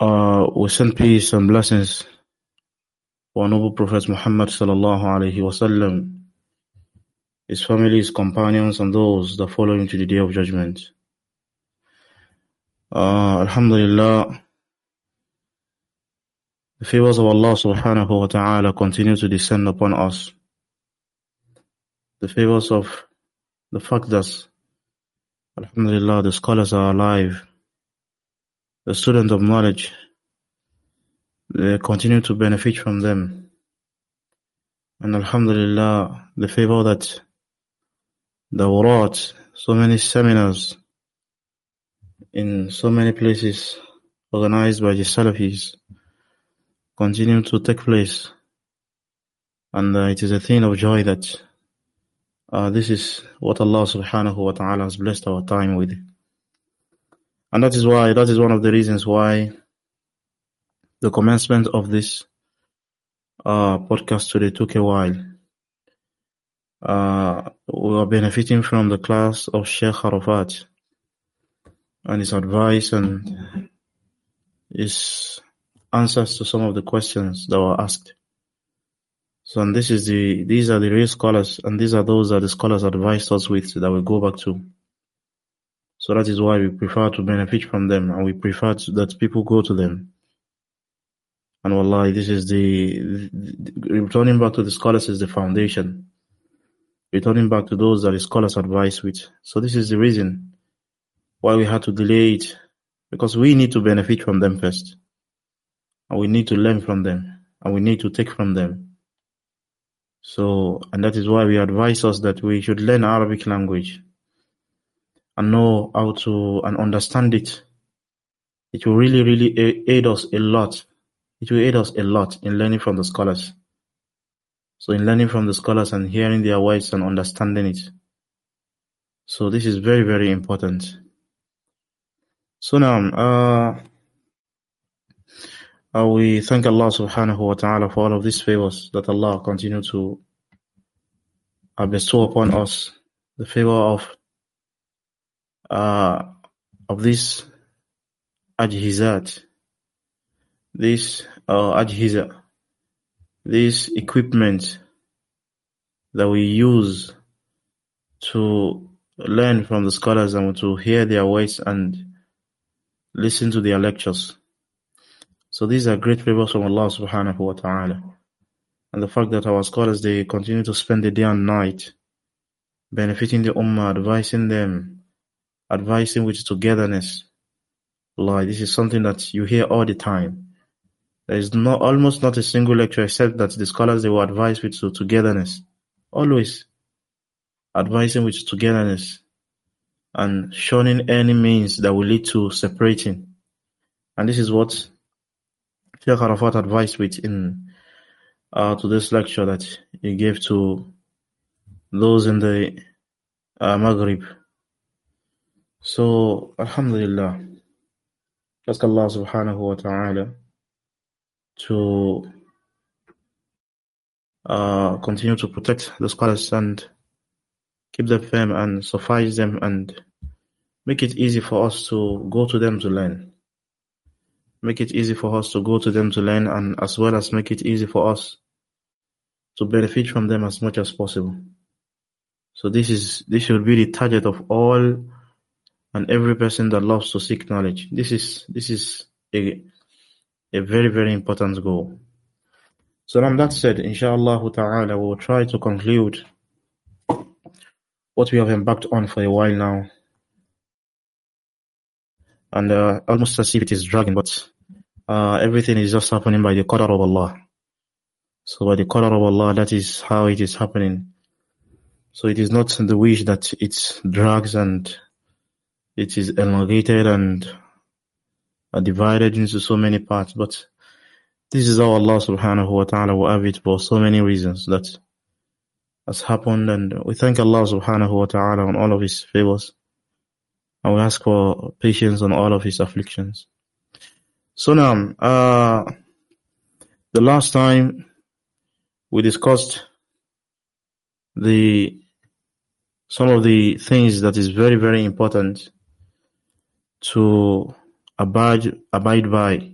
Uh, we send peace and blessings for noble Prophet Muhammad sallallahu alaihi wasallam, his family, his companions, and those that follow him to the day of judgment. Uh, Alhamdulillah, the favors of Allah subhanahu wa ta'ala continue to descend upon us. The favors of the fact that, Alhamdulillah, the scholars are alive the students of knowledge continue to benefit from them. And Alhamdulillah, the favor that the Wurat, so many seminars in so many places organized by the Salafis continue to take place. And uh, it is a thing of joy that uh, this is what Allah subhanahu wa ta'ala has blessed our time with. And that is why, that is one of the reasons why the commencement of this uh, podcast today took a while. Uh, we are benefiting from the class of Sheikh Harafat and his advice and his answers to some of the questions that were asked. So, and this is the, these are the real scholars, and these are those that the scholars advised us with that we go back to. So that is why we prefer to benefit from them and we prefer to, that people go to them. And wallahi, this is the, the, the, returning back to the scholars is the foundation. Returning back to those that the scholars advise with. So this is the reason why we had to delay it because we need to benefit from them first. And we need to learn from them and we need to take from them. So, and that is why we advise us that we should learn Arabic language and know how to and understand it. It will really, really aid us a lot. It will aid us a lot in learning from the scholars. So in learning from the scholars and hearing their words and understanding it. So this is very, very important. So now, uh, uh we thank Allah subhanahu wa ta'ala for all of these favors that Allah continue to uh, bestow upon us. The favor of uh, of this ajhizat, this uh, ajhiza, this equipment that we use to learn from the scholars and to hear their words and listen to their lectures. So these are great favors from Allah subhanahu wa ta'ala. And the fact that our scholars, they continue to spend the day and night benefiting the ummah, advising them, advising with togetherness. Like this is something that you hear all the time. There is not almost not a single lecture except that the scholars they were advised with so togetherness. Always advising with togetherness and shunning any means that will lead to separating. And this is what Sheikh Arafat advised with in uh, to this lecture that he gave to those in the uh, Maghrib. So, Alhamdulillah, ask Allah subhanahu wa ta'ala to uh, continue to protect the scholars and keep them firm and suffice them and make it easy for us to go to them to learn. Make it easy for us to go to them to learn and as well as make it easy for us to benefit from them as much as possible. So this is this should be the target of all and every person that loves to seek knowledge. This is this is a a very very important goal. So on that said, inshallah ta'ala we'll try to conclude what we have embarked on for a while now. And uh, almost as if it is dragging, but uh, everything is just happening by the qadar of Allah. So by the qadar of Allah, that is how it is happening. So it is not the wish that it drags and it is elongated and are divided into so many parts, but this is how Allah subhanahu wa ta'ala will have it for so many reasons that has happened and we thank Allah subhanahu wa ta'ala on all of his favors and we ask for patience on all of his afflictions. So now, uh, the last time we discussed the some of the things that is very, very important to abide, abide by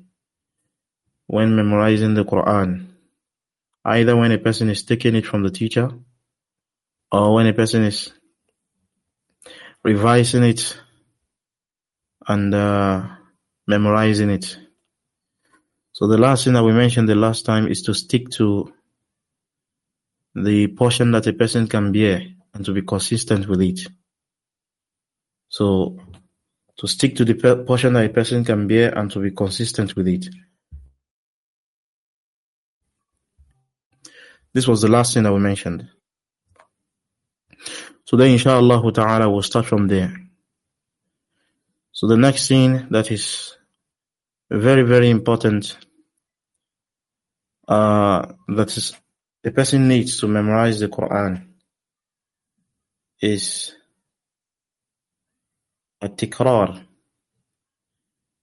when memorizing the Quran, either when a person is taking it from the teacher or when a person is revising it and uh, memorizing it. So the last thing that we mentioned the last time is to stick to the portion that a person can bear and to be consistent with it. So to stick to the portion that a person can bear and to be consistent with it. This was the last thing that we mentioned. So then inshallah ta'ala we'll start from there. So the next thing that is very, very important uh, that is a person needs to memorize the Quran is التكرار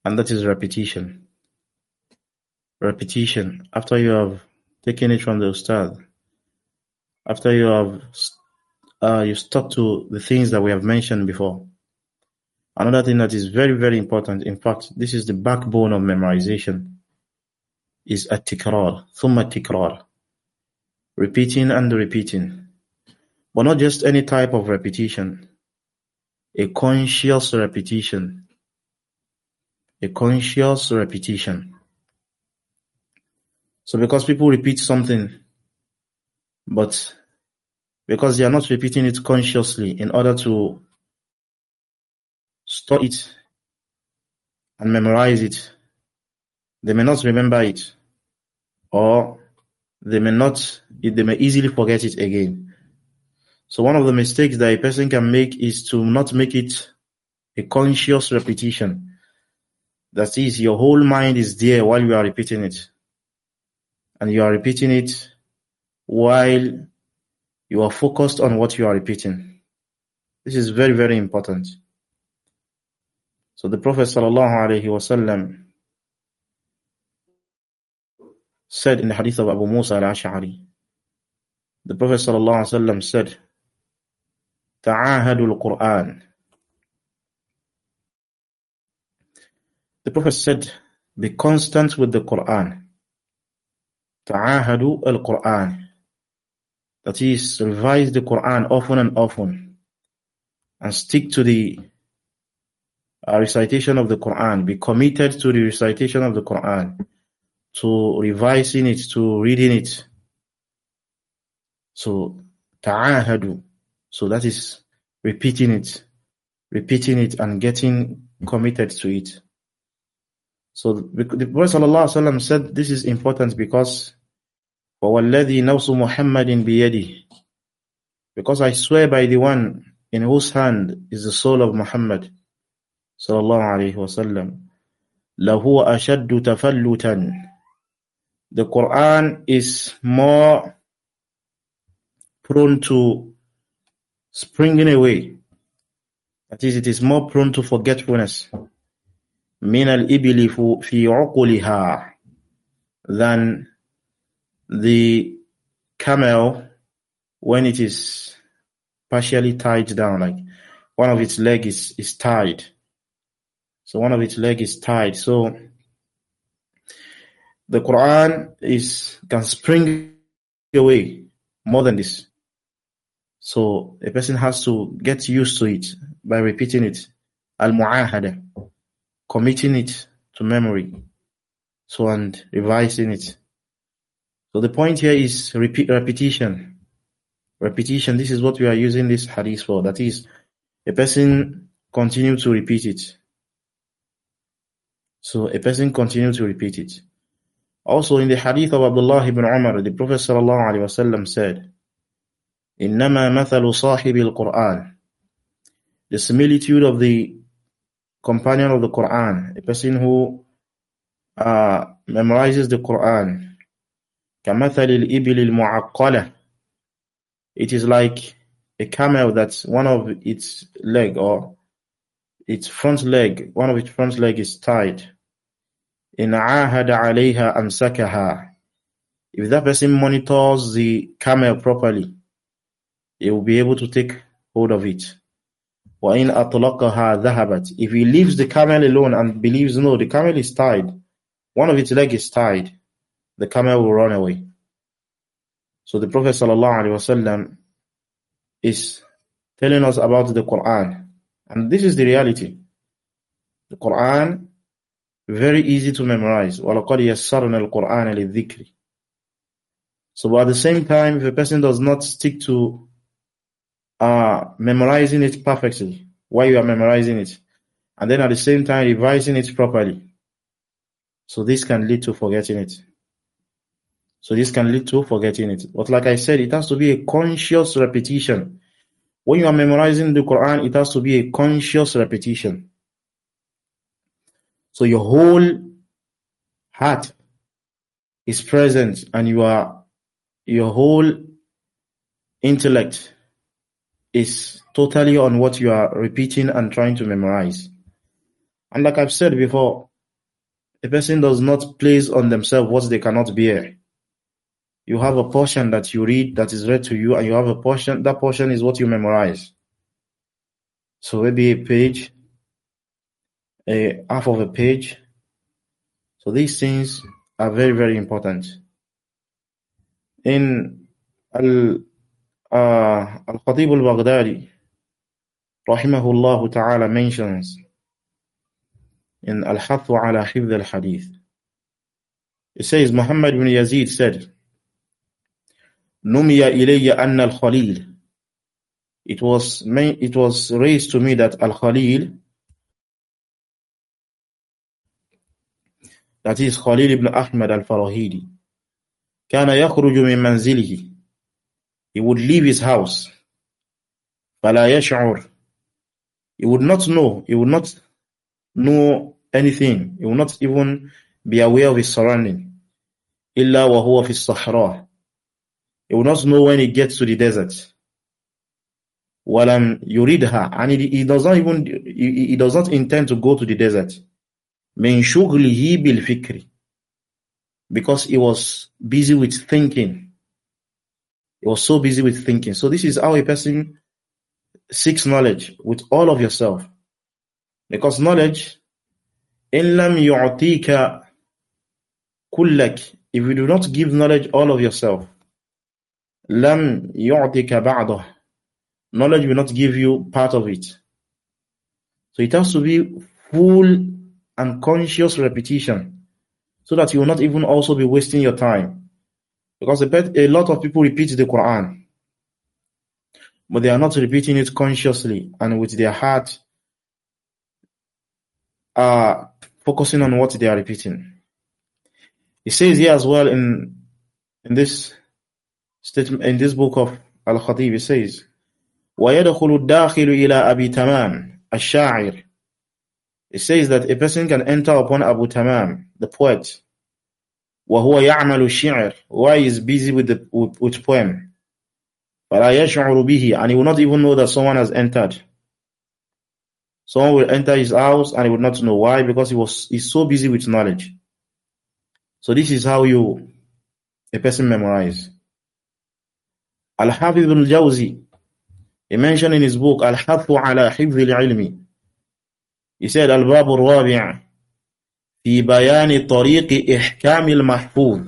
and that is repetition. Repetition after you have taken it from the ustad, after you have uh, you stuck to the things that we have mentioned before. Another thing that is very very important. In fact, this is the backbone of memorization. Is at-tikrar, thumma repeating and repeating, but not just any type of repetition. A conscious repetition. A conscious repetition. So because people repeat something, but because they are not repeating it consciously in order to store it and memorize it, they may not remember it or they may not, they may easily forget it again. So one of the mistakes that a person can make is to not make it a conscious repetition. That is, your whole mind is there while you are repeating it. And you are repeating it while you are focused on what you are repeating. This is very, very important. So the Prophet wasallam said in the hadith of Abu Musa al-Ash'ari, the Prophet said, Taqāhid Quran. The Prophet said, Be constant with the Quran. Ta'ahadu al Quran. That is, revise the Quran often and often and stick to the uh, recitation of the Quran. Be committed to the recitation of the Quran, to revising it, to reading it. So, ta'ahadu. So that is repeating it, repeating it and getting committed to it. So the, the Prophet ﷺ said this is important because وَوَالَّذِي نَوْسُ مُحَمَّدٍ بِيَدِهِ Because I swear by the one in whose hand is the soul of Muhammad sallallahu alaihi wasallam lahu ashaddu tafallutan the quran is more prone to springing away, that is, it is more prone to forgetfulness min al-ibili fi than the camel when it is partially tied down, like one of its leg is, is tied. So one of its leg is tied. So the Quran is can spring away more than this. So a person has to get used to it by repeating it. Al-mu'ahada, committing it to memory. So and revising it. So the point here is repeat, repetition. Repetition, this is what we are using this hadith for. That is, a person continue to repeat it. So a person continue to repeat it. Also in the hadith of Abdullah ibn Umar, the Prophet sallallahu alaihi wasallam said, Innama مَثَلُ صَاحِبِ bil-Qur'ān, The similitude of the companion of the Quran, a person who uh, memorizes the Quran. كَمَثَلِ al-Mu'akkal. الْمُعَقَّلَةِ It is like a camel that's one of its leg or its front leg, one of its front leg is tied. In ahada alayha amsakaha. If that person monitors the camel properly, he will be able to take hold of it. وَإِنْ أَطْلَقَهَا ذَهَبَتْ If he leaves the camel alone and believes, no, the camel is tied, one of its legs is tied, the camel will run away. So the Prophet ﷺ is telling us about the Quran. And this is the reality. The Quran, very easy to memorize. وَلَقَدْ يَسَّرْنَا الْقُرْآنَ لِلذِّكْرِ So at the same time, if a person does not stick to uh, memorizing it perfectly while you are memorizing it, and then at the same time revising it properly. So this can lead to forgetting it. So this can lead to forgetting it. But like I said, it has to be a conscious repetition. When you are memorizing the Quran, it has to be a conscious repetition. So your whole heart is present and you are your whole intellect is totally on what you are repeating and trying to memorize. And like I've said before, a person does not place on themselves what they cannot bear. You have a portion that you read that is read to you, and you have a portion, that portion is what you memorize. So maybe a page, a half of a page. So these things are very, very important. In Al uh, al qatib al-Baghdadi, rahimahullah ta'ala, mentions in Al-Hathu ala Hifd al-Hadith. It says, Muhammad ibn Yazid said, Numiya ilayya anna al-Khalil. It was, it was raised to me that al-Khalil, that is Khalil ibn Ahmad al-Farahidi, كان يخرج من منزله he would leave his house. He would not know. He would not know anything. He would not even be aware of his surrounding. إِلَّا He would not know when he gets to the desert. Walam yuridha, And he, he does not even, he, he does not intend to go to the desert. مِنْ bil fikri, Because he was busy with thinking. He was so busy with thinking. So this is how a person seeks knowledge with all of yourself. Because knowledge, in lam yu'tika kullak, if you do not give knowledge all of yourself, lam yu'tika ba'dah, knowledge will not give you part of it. So it has to be full and conscious repetition so that you will not even also be wasting your time. Because a lot of people repeat the Quran, but they are not repeating it consciously and with their heart uh, focusing on what they are repeating. He says here as well in in this statement in this book of Al Khatib, he says, وَيَدْخُلُ الدَّاخِلُ إِلَىٰ أَبِي تَمَامٍ الشَّاعِرِ It says that a person can enter upon Abu Tamam, the poet, وهو يعمل الشعر why is busy with the with poem فلا يشعر به and he will not even know that someone has entered someone will enter his house and he will not know why because he was he's so busy with knowledge so this is how you a person memorize Al-Hafiz ibn al-Jawzi he mentioned in his book Al-Hathu ala hifz al-ilmi he said Al-Babu al fi bayani tariqi ihkamil mahfuz.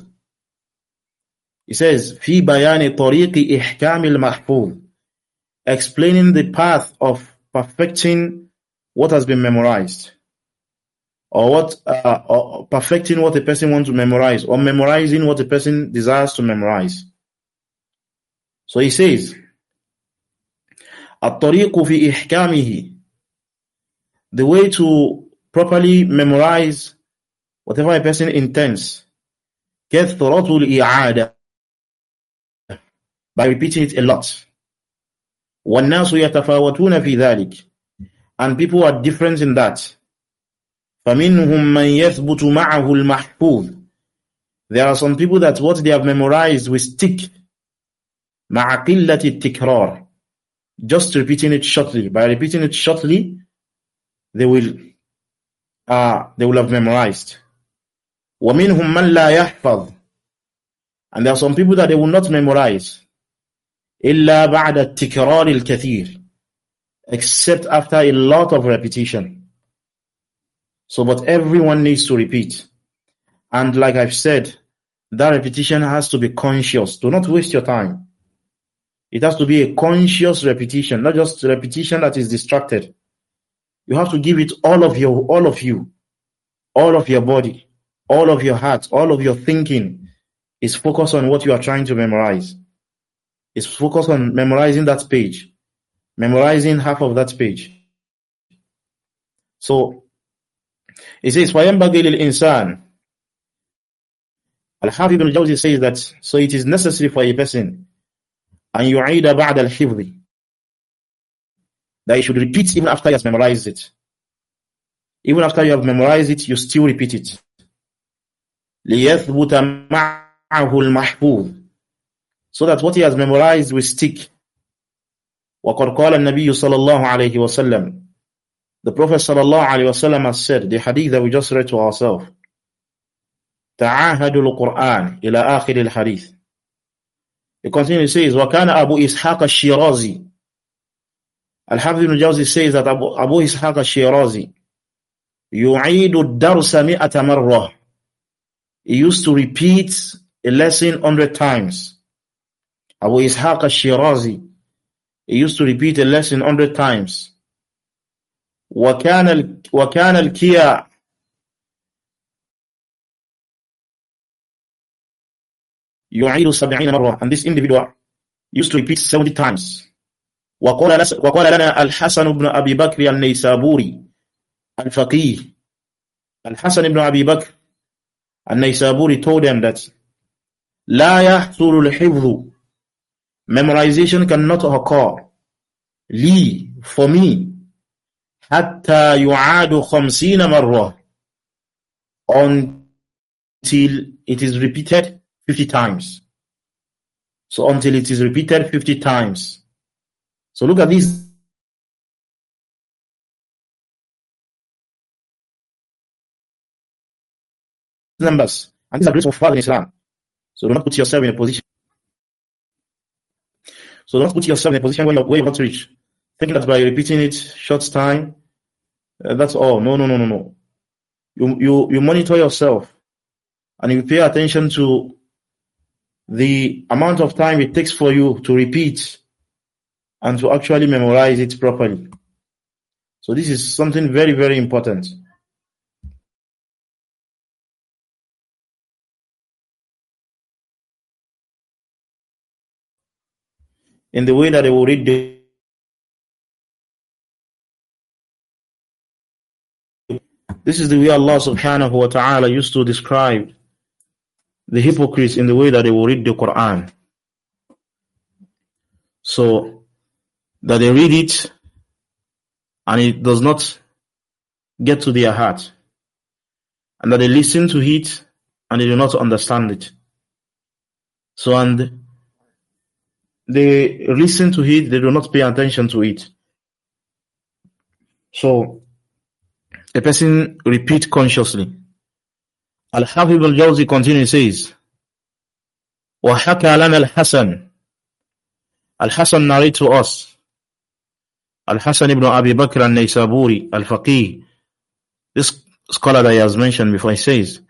He says, fi bayani tariqi ihkamil mahfuz. Explaining the path of perfecting what has been memorized. Or what, uh, or perfecting what a person wants to memorize, or memorizing what a person desires to memorize. So he says, الطريق في إحكامه The way to properly memorize whatever a person intends, كَثْرَةُ الْإِعَادَةِ By repeating it a lot. وَالنَّاسُ يَتَفَاوَتُونَ فِي ذَلِكِ And people are different in that. فَمِنْهُمْ مَنْ يَثْبُتُ مَعَهُ الْمَحْفُوظِ There are some people that what they have memorized will stick. مَعَ قِلَّةِ التِّكْرَارِ Just repeating it shortly. By repeating it shortly, they will, uh, they will have memorized. وَمِنْهُمْ مَنْ لَا يَحْفَظُ And there are some people that they will not memorize. إِلَّا بَعْدَ التِّكْرَارِ الْكَثِيرِ Except after a lot of repetition. So, but everyone needs to repeat. And like I've said, that repetition has to be conscious. Do not waste your time. It has to be a conscious repetition, not just repetition that is distracted. You have to give it all of your, all of you, all of your body all of your heart, all of your thinking is focused on what you are trying to memorize. It's focused on memorizing that page, memorizing half of that page. So it says, فينبغي insan, لِلْإِنسَانِ Al-Hafidh al-Jawzi says that, so it is necessary for a person and أَنْ يُعِيدَ al الْحِفْظِ That you should repeat even after you have memorized it. Even after you have memorized it, you still repeat it. لِيَثْبُتَ مَعَهُ الْمَحْفُوظُ So that what he has memorized will stick. وَقَدْ قَالَ النَّبِيُّ صَلَى اللَّهُ عَلَيْهِ وَسَلَّمُ The Prophet صلى الله عليه وسلم has said, the hadith that we just read to ourselves, تعاهد القرآن إلى آخر الحديث. He continues, says, وَكَانَ أَبُو إِسْحَاقَ الشِّرَازِي بن جوزي says that أبو, أبو إسحاق الشيرازي يُعِيدُ الدَّرْسَ مِئَةَ مَرَّةً He used to repeat a lesson hundred times. Abu Ishaq al-Shirazi, he used to repeat a lesson hundred times. وكان وكان يعيد سبعين مرة and this individual used to repeat 70 times وقال لنا الحسن بن أبي بكر النيسابوري الفقيه الحسن بن أبي بكر And naisaburi told them that La yahsulul hifdhu Memorization cannot occur Li, for me Hatta yu'adu khamsina marrah Until it is repeated 50 times So until it is repeated 50 times So look at this numbers. And these are great for power in Islam. So do not put yourself in a position. So don't put yourself in a position where you're, where you're to reach. Thinking that by repeating it short time, uh, that's all. No, no, no, no, no. You, you, you monitor yourself and you pay attention to the amount of time it takes for you to repeat and to actually memorize it properly. So this is something very, very important. in the way that they will read the This is the way Allah subhanahu wa ta'ala used to describe the hypocrites in the way that they will read the Quran. So that they read it and it does not get to their heart. And that they listen to it and they do not understand it. So and they listen to it, they do not pay attention to it. So a person repeat consciously. al Habib al-Jawzi continues says, وحكى Al لَنَا الْحَسَنِ Al-Hasan narrate to us. Al-Hasan ibn Abi Bakr al-Naysaburi al-Faqih. This scholar that he has mentioned before, he says,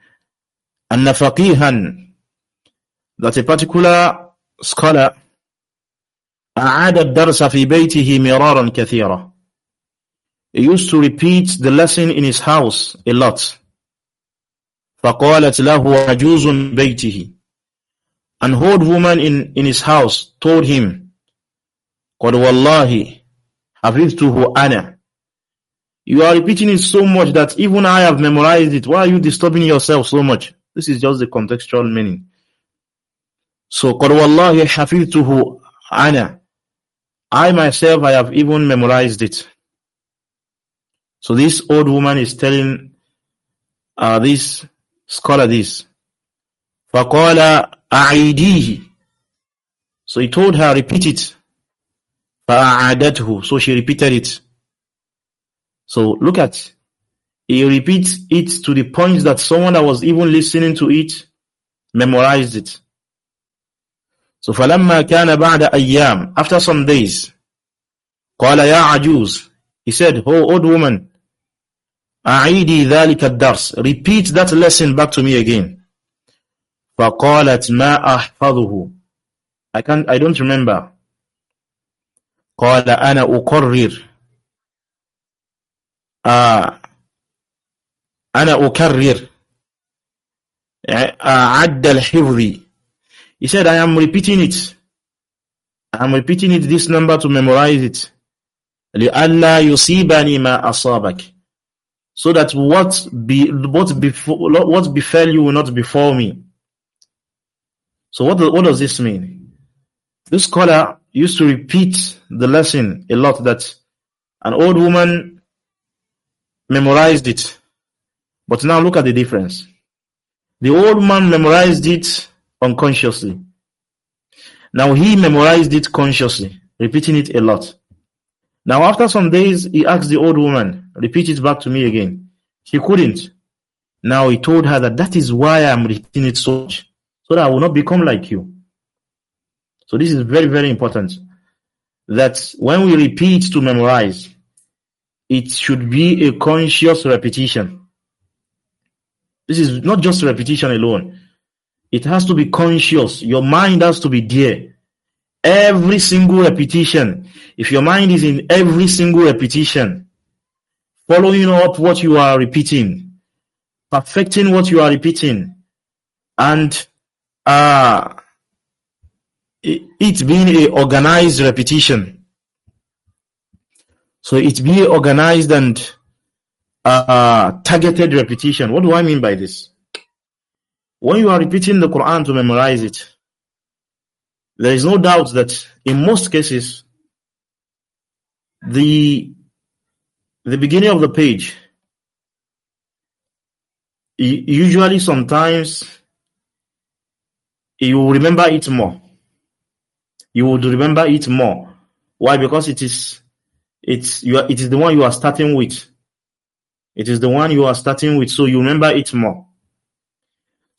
أَنَّ فَقِيهًا That a particular scholar أعاد الدرس في بيته مرارا He used to repeat the lesson in his house a lot. فقالت له عجوز بيته. An old woman in, in his house told him, قد والله حفظته أنا. You are repeating it so much that even I have memorized it. Why are you disturbing yourself so much? This is just the contextual meaning. So, قد والله حفظته أنا. I myself, I have even memorized it. So this old woman is telling uh, this scholar this. فَقَالَ أَعِيدِيهِ So he told her, repeat it. فَأَعْدَتْهُ So she repeated it. So look at, he repeats it to the point that someone that was even listening to it memorized it. So فَلَمَّا كَانَ بَعْدَ أَيَّامٍ After some days, قَالَ يَا عَجُوزٍ He said, Oh old woman, أَعِيدِي ذَلِكَ dars, Repeat that lesson back to me again. فَقَالَتْ ma أَحْفَظُهُ I can't, I don't remember. قال أنا أقرر ana أنا أكرر al الحفظ He said, I am repeating it. I am repeating it, this number to memorize it. لِأَلَّا يُصِيبَنِي مَا أَصَابَكَ So that what, be, what, befo what befell you will not befall me. So what, what does this mean? This scholar used to repeat the lesson a lot that an old woman memorized it. But now look at the difference. The old man memorized it unconsciously. Now he memorized it consciously, repeating it a lot. Now after some days, he asked the old woman, repeat it back to me again. She couldn't. Now he told her that that is why I'm repeating it so much, so that I will not become like you. So this is very, very important. That when we repeat to memorize, it should be a conscious repetition. This is not just repetition alone. It has to be conscious. Your mind has to be there. Every single repetition. If your mind is in every single repetition, following up what you are repeating, perfecting what you are repeating, and uh, it being a organized repetition. So it be organized and uh, targeted repetition. What do I mean by this? When you are repeating the Quran to memorize it, there is no doubt that in most cases, the, the beginning of the page, usually sometimes you will remember it more. You would remember it more. Why? Because it is, it's, you are, it is the one you are starting with. It is the one you are starting with. So you remember it more.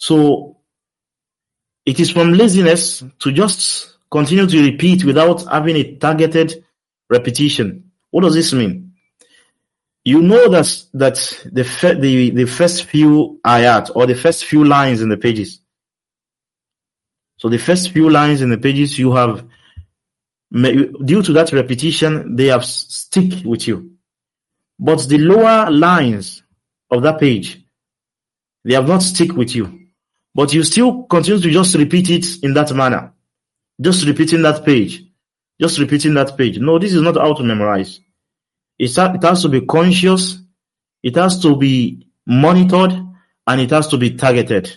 So it is from laziness to just continue to repeat without having a targeted repetition. What does this mean? You know that that the the the first few ayat or the first few lines in the pages. So the first few lines in the pages you have due to that repetition they have stick with you. But the lower lines of that page they have not stick with you. But you still continue to just repeat it in that manner. Just repeating that page. Just repeating that page. No, this is not how to memorize. It, it has to be conscious. It has to be monitored and it has to be targeted.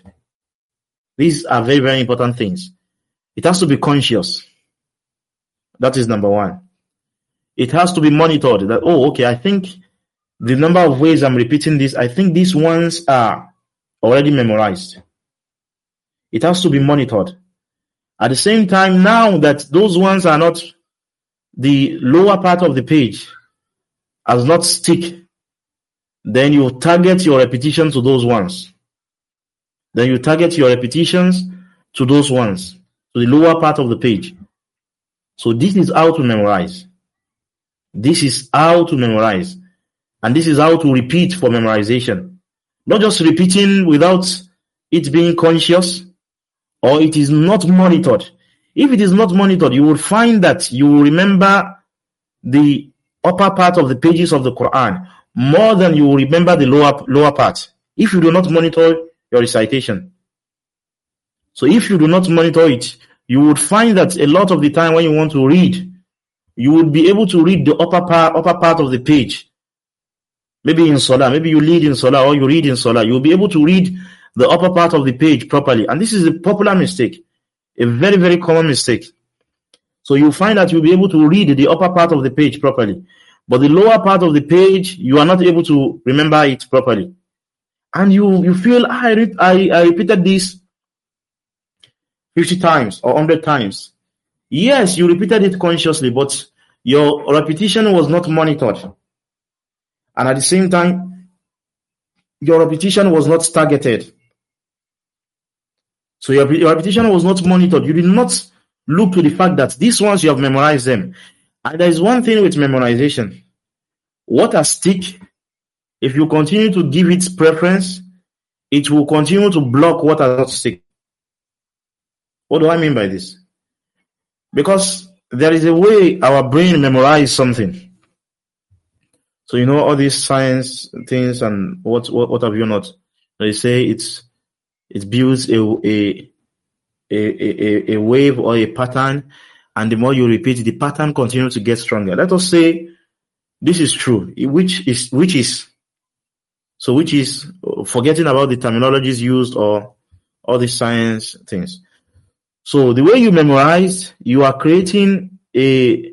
These are very, very important things. It has to be conscious. That is number one. It has to be monitored that, oh, okay, I think the number of ways I'm repeating this, I think these ones are already memorized. It has to be monitored. At the same time, now that those ones are not the lower part of the page as not stick, then you target your repetition to those ones. Then you target your repetitions to those ones, to the lower part of the page. So this is how to memorize. This is how to memorize. And this is how to repeat for memorization. Not just repeating without it being conscious, or it is not monitored. If it is not monitored, you will find that you will remember the upper part of the pages of the Quran more than you will remember the lower lower part. If you do not monitor your recitation, so if you do not monitor it, you would find that a lot of the time when you want to read, you would be able to read the upper part upper part of the page. Maybe in Salah, maybe you lead in Salah or you read in Salah, you'll be able to read the upper part of the page properly. And this is a popular mistake, a very, very common mistake. So you find that you'll be able to read the upper part of the page properly. But the lower part of the page, you are not able to remember it properly. And you, you feel, ah, I, re- I, I repeated this 50 times or 100 times. Yes, you repeated it consciously, but your repetition was not monitored. And at the same time, your repetition was not targeted. So your, your repetition was not monitored. You did not look to the fact that these ones you have memorized them. And there is one thing with memorization. What a stick, if you continue to give it preference, it will continue to block what does not stick. What do I mean by this? Because there is a way our brain memorizes something. So you know all these science things and what what, what have you not? They say it's it builds a, a, a, a, wave or a pattern. And the more you repeat, the pattern continues to get stronger. Let us say this is true, which is, which is, so which is uh, forgetting about the terminologies used or all the science things. So the way you memorize, you are creating a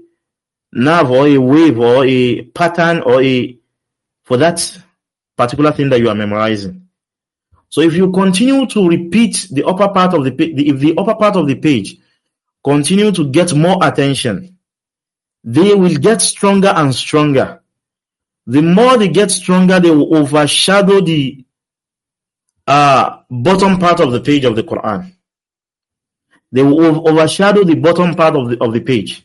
nerve or a wave or a pattern or a, for that particular thing that you are memorizing. So if you continue to repeat the upper part of the page, if the upper part of the page continue to get more attention, they will get stronger and stronger. The more they get stronger, they will overshadow the uh, bottom part of the page of the Quran. They will overshadow the bottom part of the, of the page.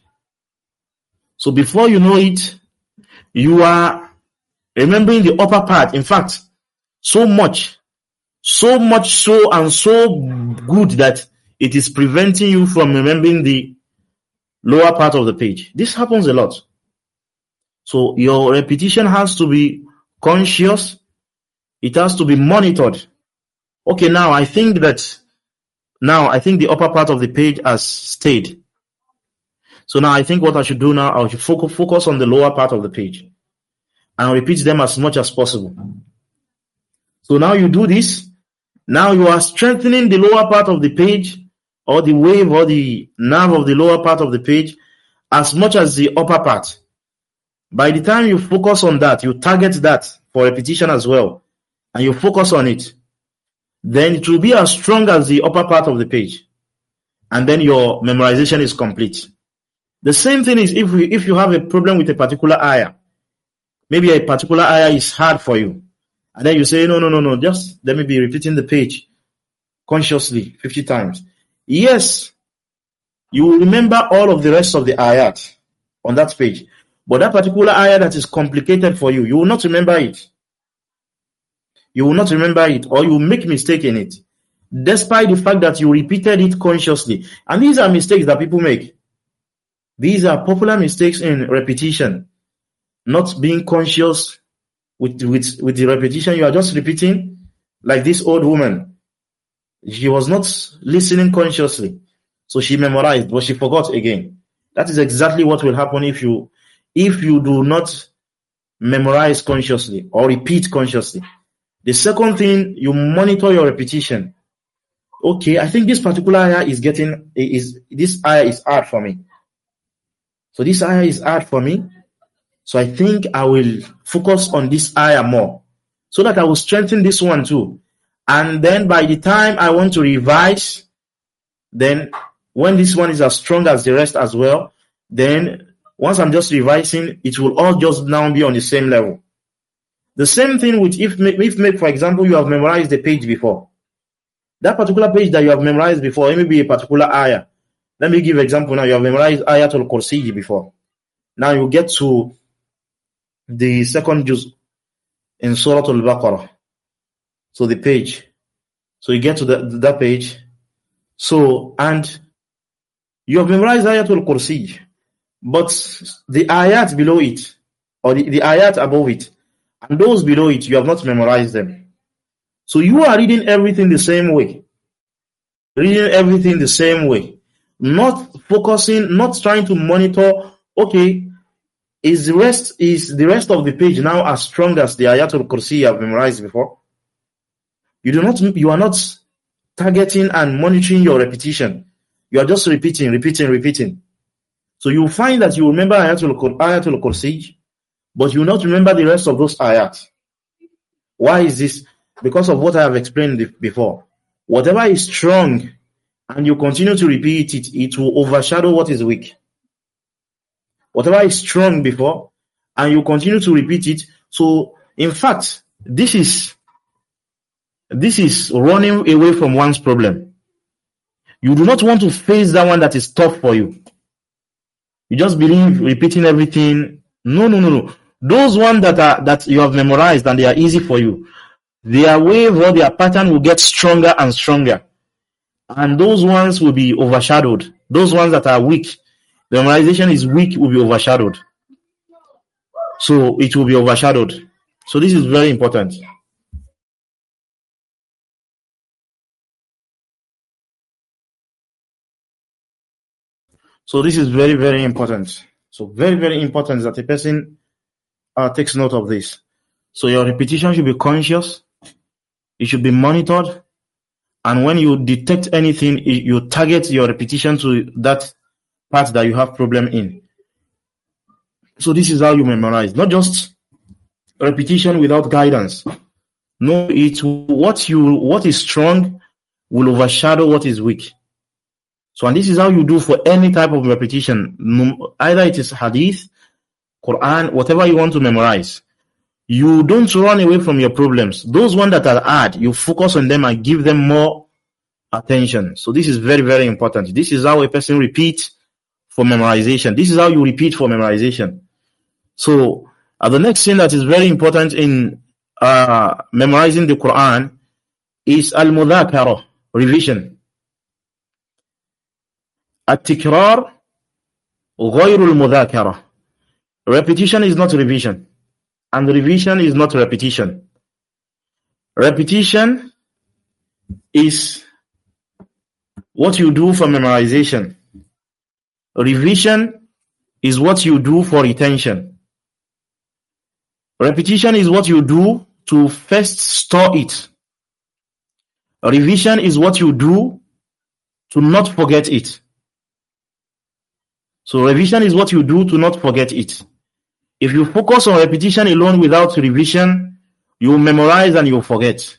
So before you know it, you are remembering the upper part. In fact, so much so much so and so good that it is preventing you from remembering the lower part of the page. This happens a lot. So your repetition has to be conscious. It has to be monitored. Okay, now I think that now I think the upper part of the page has stayed. So now I think what I should do now, I should focus on the lower part of the page and repeat them as much as possible. So now you do this now you are strengthening the lower part of the page or the wave or the nerve of the lower part of the page as much as the upper part. By the time you focus on that, you target that for repetition as well, and you focus on it, then it will be as strong as the upper part of the page. And then your memorization is complete. The same thing is if, we, if you have a problem with a particular ayah, maybe a particular ayah is hard for you. And then you say, no, no, no, no, just let me be repeating the page consciously 50 times. Yes, you will remember all of the rest of the ayat on that page. But that particular ayat that is complicated for you, you will not remember it. You will not remember it or you will make mistake in it. Despite the fact that you repeated it consciously. And these are mistakes that people make. These are popular mistakes in repetition. Not being conscious with, with, with the repetition, you are just repeating like this old woman. She was not listening consciously. So she memorized, but she forgot again. That is exactly what will happen if you, if you do not memorize consciously or repeat consciously. The second thing, you monitor your repetition. Okay, I think this particular ayah is getting, is, this ayah is hard for me. So this ayah is hard for me. So I think I will focus on this ayah more so that I will strengthen this one too. And then by the time I want to revise, then when this one is as strong as the rest as well, then once I'm just revising, it will all just now be on the same level. The same thing with if, if for example, you have memorized the page before. That particular page that you have memorized before, it may be a particular ayah. Let me give example now. You have memorized ayatul kursi before. Now you get to the second juz in Surah Al-Baqarah. So the page. So you get to the, that page. So, and you have memorized Ayatul Kursi, but the ayat below it, or the, the ayat above it, and those below it, you have not memorized them. So you are reading everything the same way. Reading everything the same way. Not focusing, not trying to monitor, okay, is the rest is the rest of the page now as strong as the Ayatul Kursi you have memorized before? You do not you are not targeting and monitoring your repetition. You are just repeating, repeating, repeating. So you find that you remember Ayatul, Ayatul Kursi, but you not remember the rest of those ayat. Why is this? Because of what I have explained before. Whatever is strong and you continue to repeat it, it will overshadow what is weak whatever is strong before, and you continue to repeat it. So, in fact, this is this is running away from one's problem. You do not want to face that one that is tough for you. You just believe repeating everything. No, no, no, no. Those ones that are that you have memorized and they are easy for you, their wave or their pattern will get stronger and stronger. And those ones will be overshadowed. Those ones that are weak, the organization is weak will be overshadowed. So it will be overshadowed. So this is very important. So this is very, very important. So very, very important that a person uh, takes note of this. So your repetition should be conscious. It should be monitored. And when you detect anything, you target your repetition to that part that you have problem in. So this is how you memorize, not just repetition without guidance. No, it's what you what is strong will overshadow what is weak. So, and this is how you do for any type of repetition. Either it is hadith, Quran, whatever you want to memorize. You don't run away from your problems. Those ones that are hard, you focus on them and give them more attention. So this is very, very important. This is how a person repeats for memorization. This is how you repeat for memorization. So uh, the next thing that is very important in uh, memorizing the Quran is al-mudhakara, revision. At-tikrar ghayrul mudhakara. Repetition is not revision. And revision is not repetition. Repetition is what you do for memorization. Revision is what you do for retention. Repetition is what you do to first store it. Revision is what you do to not forget it. So revision is what you do to not forget it. If you focus on repetition alone without revision, you memorize and you forget.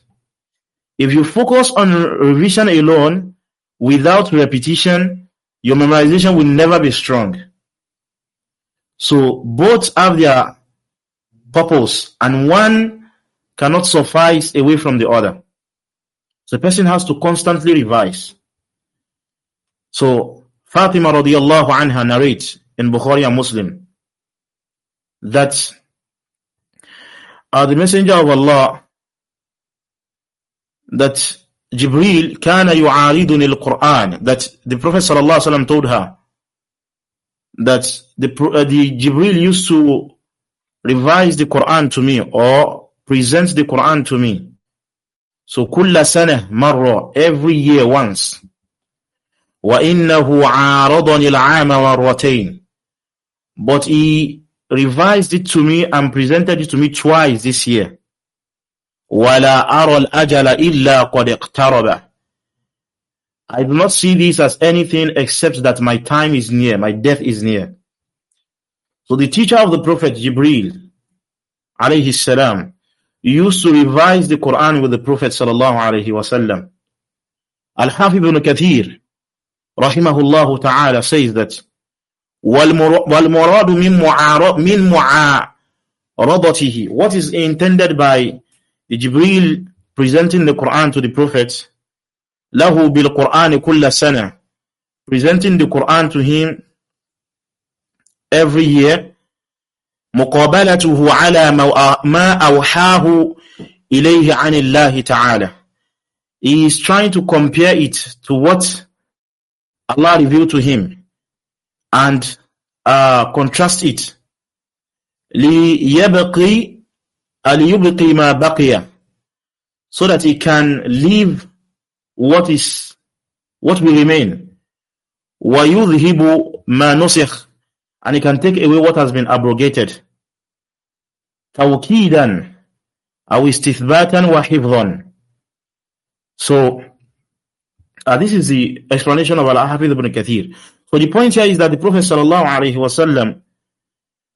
If you focus on revision alone without repetition, your memorization will never be strong. So both have their purpose and one cannot suffice away from the other. So the person has to constantly revise. So Fatima radiallahu anha narrates in Bukhari and Muslim that uh, the messenger of Allah that Jibril kana yu'ariduni al-Quran that the Prophet sallallahu alaihi wasallam told her that the uh, the Jibril used to revise the Quran to me or present the Quran to me. So kulla sana marra every year once. وَإِنَّهُ عَارَضَنِ الْعَامَ وَرَّتَيْنِ But he revised it to me and presented it to me twice this year. I do not see this as anything except that my time is near, my death is near. So the teacher of the Prophet Jibril, alayhi salam, used to revise the Quran with the Prophet sallallahu alayhi wasallam. Al-Hafiz ibn Kathir, rahimahullah ta'ala, says that, وَالْمُرَادُ مِن مُعَارَضَتِهِ What is intended by the Jibril presenting the Quran to the Prophet, lahu bil Quran kulla sana, presenting the Quran to him every year, مقابلته ala ma أوحاه ilayhi عن الله تعالى. He is trying to compare it to what Allah revealed to him and uh, contrast it. ليبقي أَلْيُبْقِي Ma بَقِيَ So that he can leave what is, what will remain. وَيُذْهِبُ Ma نُسِخ And he can take away what has been abrogated. تَوْكِيدًا Awistibatan Wa وحفظا So uh, this is the explanation of Al-Hafiz ibn Kathir So the point here is that the Prophet sallallahu alaihi wasallam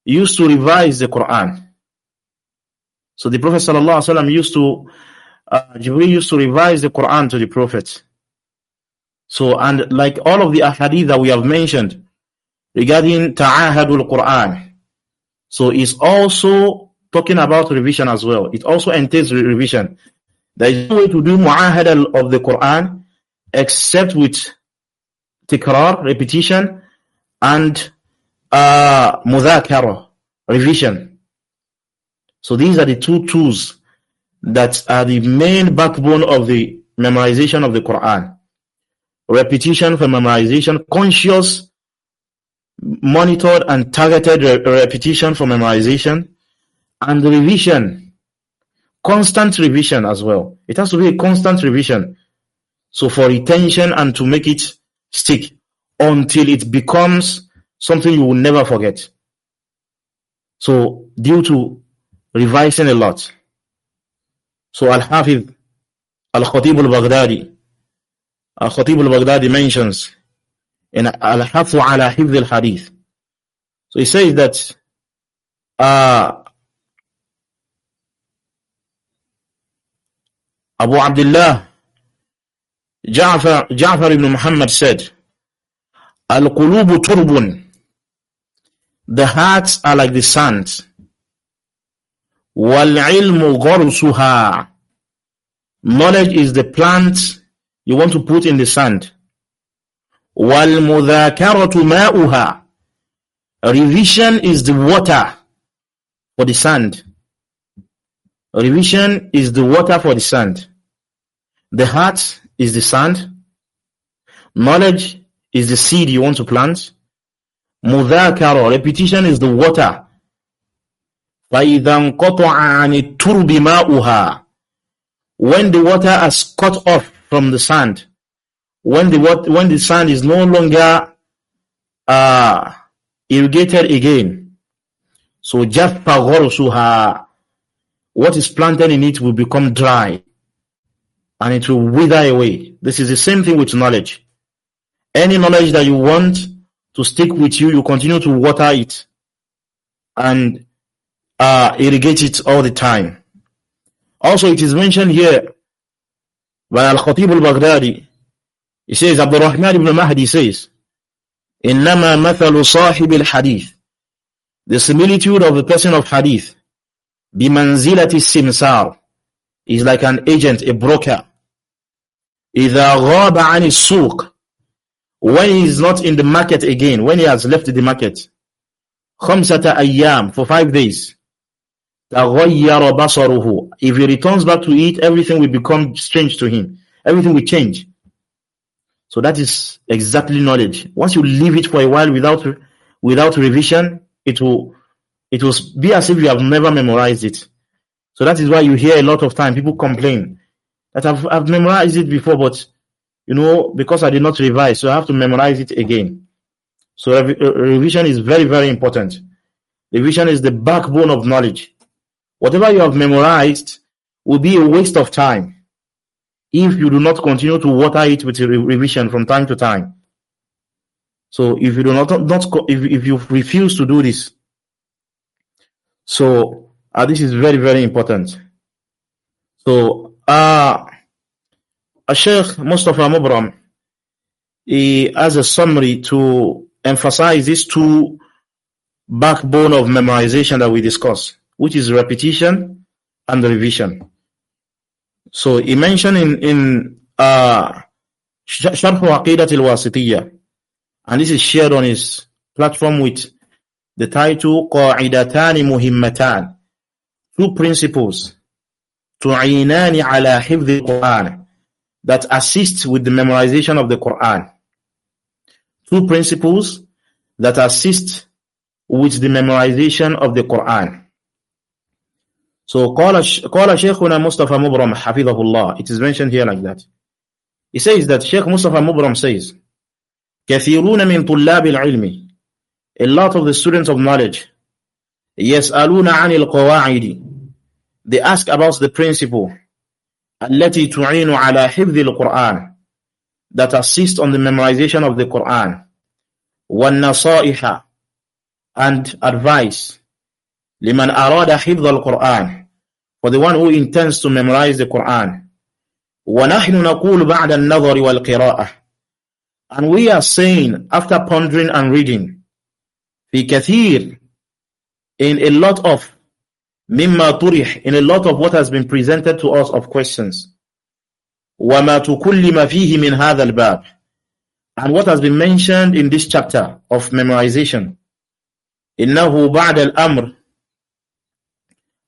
used to revise the Quran so the Prophet wasallam used to, uh, Jibreel used to revise the Quran to the Prophet. So, and like all of the ahadith that we have mentioned regarding ta'ahadul Quran, so it's also talking about revision as well. It also entails revision. There is no way to do mu'ahada of the Quran except with tikrar, repetition, and uh, mudhakara, revision. So these are the two tools that are the main backbone of the memorization of the Quran. Repetition for memorization, conscious, monitored and targeted re repetition for memorization, and revision, constant revision as well. It has to be a constant revision. So for retention and to make it stick until it becomes something you will never forget. So due to revising a lot. So Al-Hafidh Al-Khatib al-Baghdadi Al-Khatib al-Baghdadi mentions in Al-Hafu ala Hifd al-Hadith. So he says that uh, Abu Abdullah Ja'far, Ja'far ibn Muhammad said Al-Qulubu Turbun The hearts are like the sands Knowledge is the plant you want to put in the sand. Revision is the water for the sand. Revision is the water for the sand. The heart is the sand. Knowledge is the seed you want to plant. Mudhakara, repetition is the water فَإِذَا انْقَطَعَ عَنِ التُّرْبِ مَاؤُهَا When the water has cut off from the sand, when the, when the sand is no longer uh, irrigated again, so جَفَّ غَرْسُهَا What is planted in it will become dry and it will wither away. This is the same thing with knowledge. Any knowledge that you want to stick with you, you continue to water it and uh, irrigate irrigated all the time. Also, it is mentioned here by Al-Khatib al-Baghdadi. He says, "Abu Rahman ibn Mahdi says, إِنَّمَا مَثَلُ صَاحِبِ الْحَدِيثِ The similitude of the person of hadith, بِمَنْزِلَةِ السِّمْسَارِ is like an agent, a broker. إِذَا غَابَ عَنِ السُّوقِ When he is not in the market again, when he has left the market, خَمْسَةَ أَيَّامِ For five days. If he returns back to it, everything will become strange to him. Everything will change. So that is exactly knowledge. Once you leave it for a while without without revision, it will it will be as if you have never memorized it. So that is why you hear a lot of time people complain that I've, I've memorized it before, but you know, because I did not revise, so I have to memorize it again. So rev revision is very, very important. Revision is the backbone of knowledge. Whatever you have memorized will be a waste of time if you do not continue to water it with revision from time to time. So if you do not, not if, if you refuse to do this, so uh, this is very, very important. So, uh, Sheikh Mustafa Mubram, he has a summary to emphasize these two backbone of memorization that we discussed which is repetition and revision. So he mentioned in, in uh, Sharh Aqidat al-Wasitiyya, and this is shared on his platform with the title Qa'idatani Muhimmatan, two principles, tu'inani ala hifdhi Qur'an, that assist with the memorization of the Qur'an. Two principles that assist with the memorization of the Qur'an. So قال قال شيخنا Mustafa Mubram حفظه It is mentioned here like that. He says that Sheikh Mustafa Mubram says كثيرون من طلاب العلم A lot of the students of knowledge يسألون عن القواعد They ask about the principle التي تعين على حفظ القرآن that assist on the memorization of the Quran والنصائح and advice لمن أراد حفظ القرآن for the one who intends to memorize the Quran. وَنَحْنُ نَقُولُ بَعْدَ النَّظَرِ وَالْقِرَاءَةِ And we are saying, after pondering and reading, فِي كَثِيرٍ In a lot of مِمَّا طُرِحٍ In a lot of what has been presented to us of questions. وَمَا تُكُلِّمَ فِيهِ مِنْ هَذَا الْبَابِ And what has been mentioned in this chapter of memorization. إِنَّهُ بَعْدَ الْأَمْرِ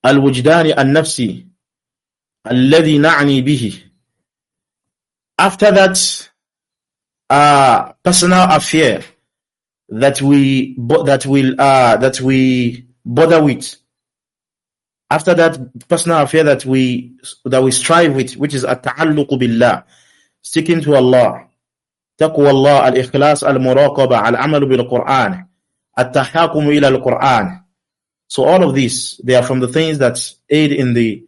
الوجدان النفسي الذي نعني به after that uh, personal affair that we that will uh, that we bother with after that personal affair that we that we strive with which is at-ta'alluq sticking to Allah تقوى الله الإخلاص المراقبة العمل بالقرآن التحاكم إلى القرآن so all of these, they are from the things that aid in the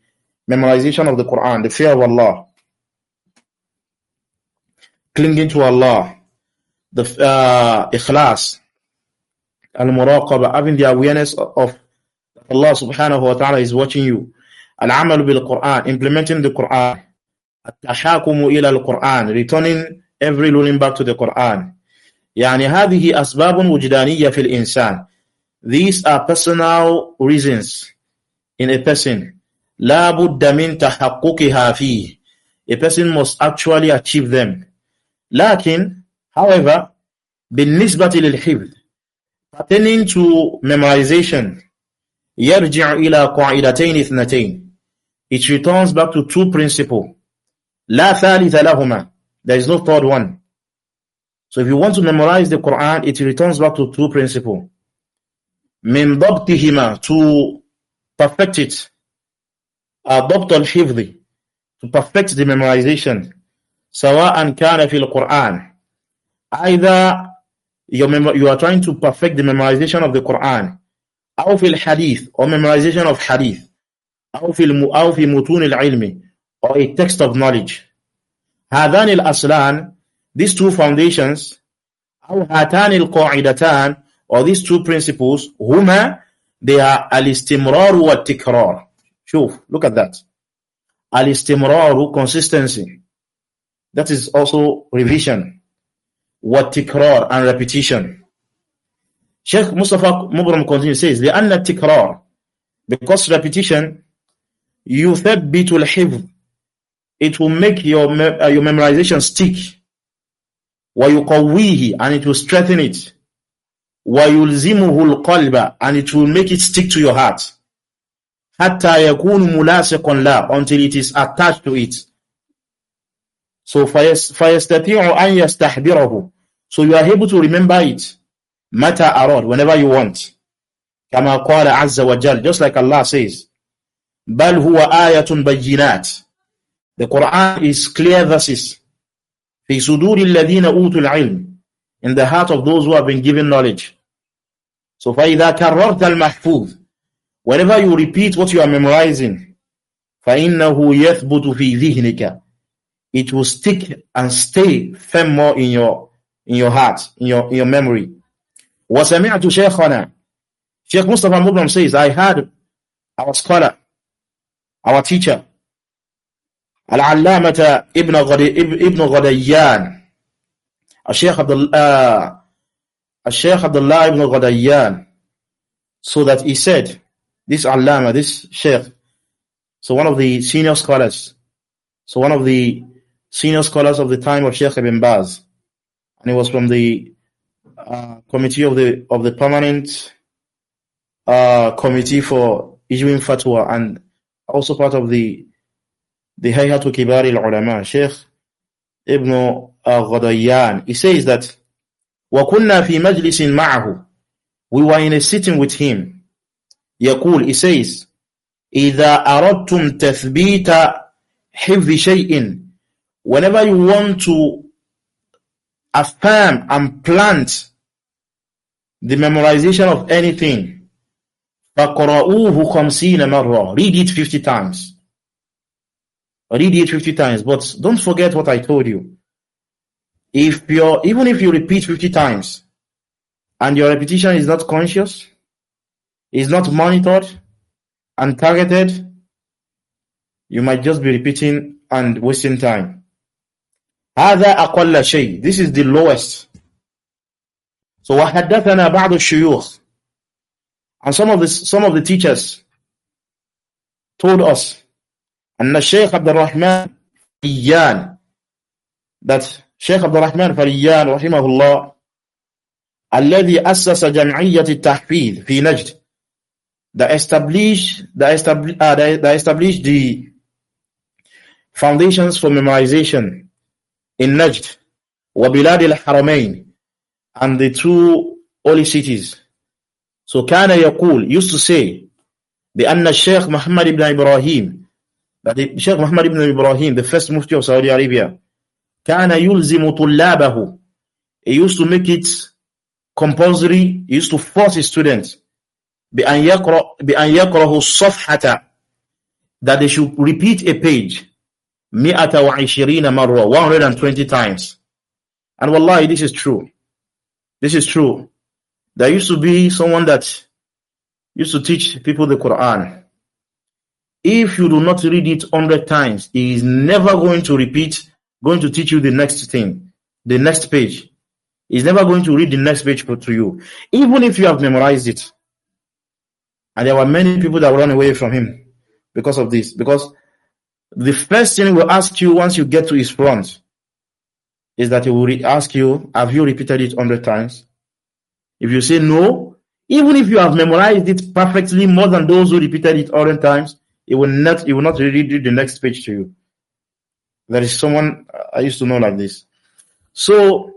memorization of the Quran, the fear of Allah, clinging to Allah, the uh, ikhlas, al-muraqabah, having the awareness of Allah subhanahu wa ta'ala is watching you, al-amal bil-Quran, implementing the Quran, ila al-Quran, returning every ruling back to the Quran يعني هذه أسباب وجدانية في الإنسان these are personal reasons in a person. la بد من تحققها فيه. A person must actually achieve them. Lakin, however, بالنسبة للحفظ pertaining to memorization يرجع إلى قاعدتين اثنتين It returns back to two principles. لا ثالث لهما There is no third one. So if you want to memorize the Quran, it returns back to two principles. من ضبطهما to perfect it uh, ضبط shivri to perfect the memorization سواء كان fil Quran. either you are trying to perfect the memorization of the Quran أو fil Hadith or memorization of hadith أو fil الم... أو في or a text of knowledge al aslan these two foundations hatan al القاعدتان or these two principles هما they are wa tikrar. شوف look at that الاستمرار consistency that is also revision tikrar and repetition Sheikh Mustafa Mubram continues says لأن التكرار because repetition يثبت الحفظ it will make your uh, your memorization stick ويقويه and it will strengthen it zimul الْقَلْبَ And it will make it stick to your heart. Hatta يَكُونُ Until it is attached to it. So فَيَسْتَطِيعُ an يَسْتَحْبِرَهُ So you are able to remember it. mata arad Whenever you want. كَمَا قَالَ عَزَّ وَجَلْ Just like Allah says. Bal huwa آيَةٌ bayyinat. The Quran is clear verses. Fi صُدُورِ الَّذِينَ أُوتُوا In the heart of those who have been given knowledge. So فَإِذَا كَرَّرْتَ الْمَحْفُوظ Whenever you repeat what you are memorizing, فَإِنَّهُ يَثْبُتُ فِي ذِهْنِكَ It will stick and stay firm more in your in your heart, in your in your memory. وَسَمِعْتُ شَيْخَنَا Sheikh Mustafa Mubram says, I heard our scholar, our teacher, Al-Allamata Ibn Ghadayyan, Sheikh Abdullah, uh, Shaykh Abdullah ibn Ghadayyan. So that he said, this Allama, this Shaykh, so one of the senior scholars, so one of the senior scholars of the time of Sheikh Ibn Baz, and he was from the uh, committee of the of the permanent uh, committee for issuing fatwa, and also part of the the Hayatu Kibari al-Ulama, Sheikh Ibn Ghadayyan. He says that وَكُنَّا فِي مَجْلِسٍ مَعَهُ We were in a sitting with him. يقول, he says, إِذَا أَرَدْتُمْ تَثْبِيتَ حِفْظِ شَيْءٍ Whenever you want to affirm and plant the memorization of anything, فَقْرَؤُوهُ خَمْسِينَ مَرَّةً Read it 50 times. Read it 50 times, but don't forget what I told you. If you're, even if you repeat 50 times and your repetition is not conscious, is not monitored and targeted, you might just be repeating and wasting time. هذا أقل شيء. This is the lowest. So وحدثنا بعض الشيوخ and some of the some of the teachers told us أن الشيخ عبد الرحمن إيان that شيخ عبد الرحمن فريان رحمه الله الذي أسس جمعية التحفيظ في نجد the establish the establish uh, the, the establish the foundations for memorization in Najd وبلاد الحرمين and the two holy cities. So كان يقول used to say بأن الشيخ محمد بن إبراهيم that the, Sheikh Muhammad ibn Ibrahim, the first mufti of Saudi Arabia, kana yulzimu tullabahu. He used to make it compulsory. He used to force his students بأن يقرأوا الصفحة that they should repeat a page مئة وعشرين مرة 120 times. And wallahi, this is true. This is true. There used to be someone that used to teach people the Quran. If you do not read it 100 times, he is never going to repeat going to teach you the next thing, the next page. He's never going to read the next page to you, even if you have memorized it. And there were many people that run away from him because of this. Because the first thing he will ask you once you get to his front is that he will ask you, have you repeated it 100 times? If you say no, even if you have memorized it perfectly more than those who repeated it 100 times, he will not, he will not read the next page to you. There is someone I used to know like this. So,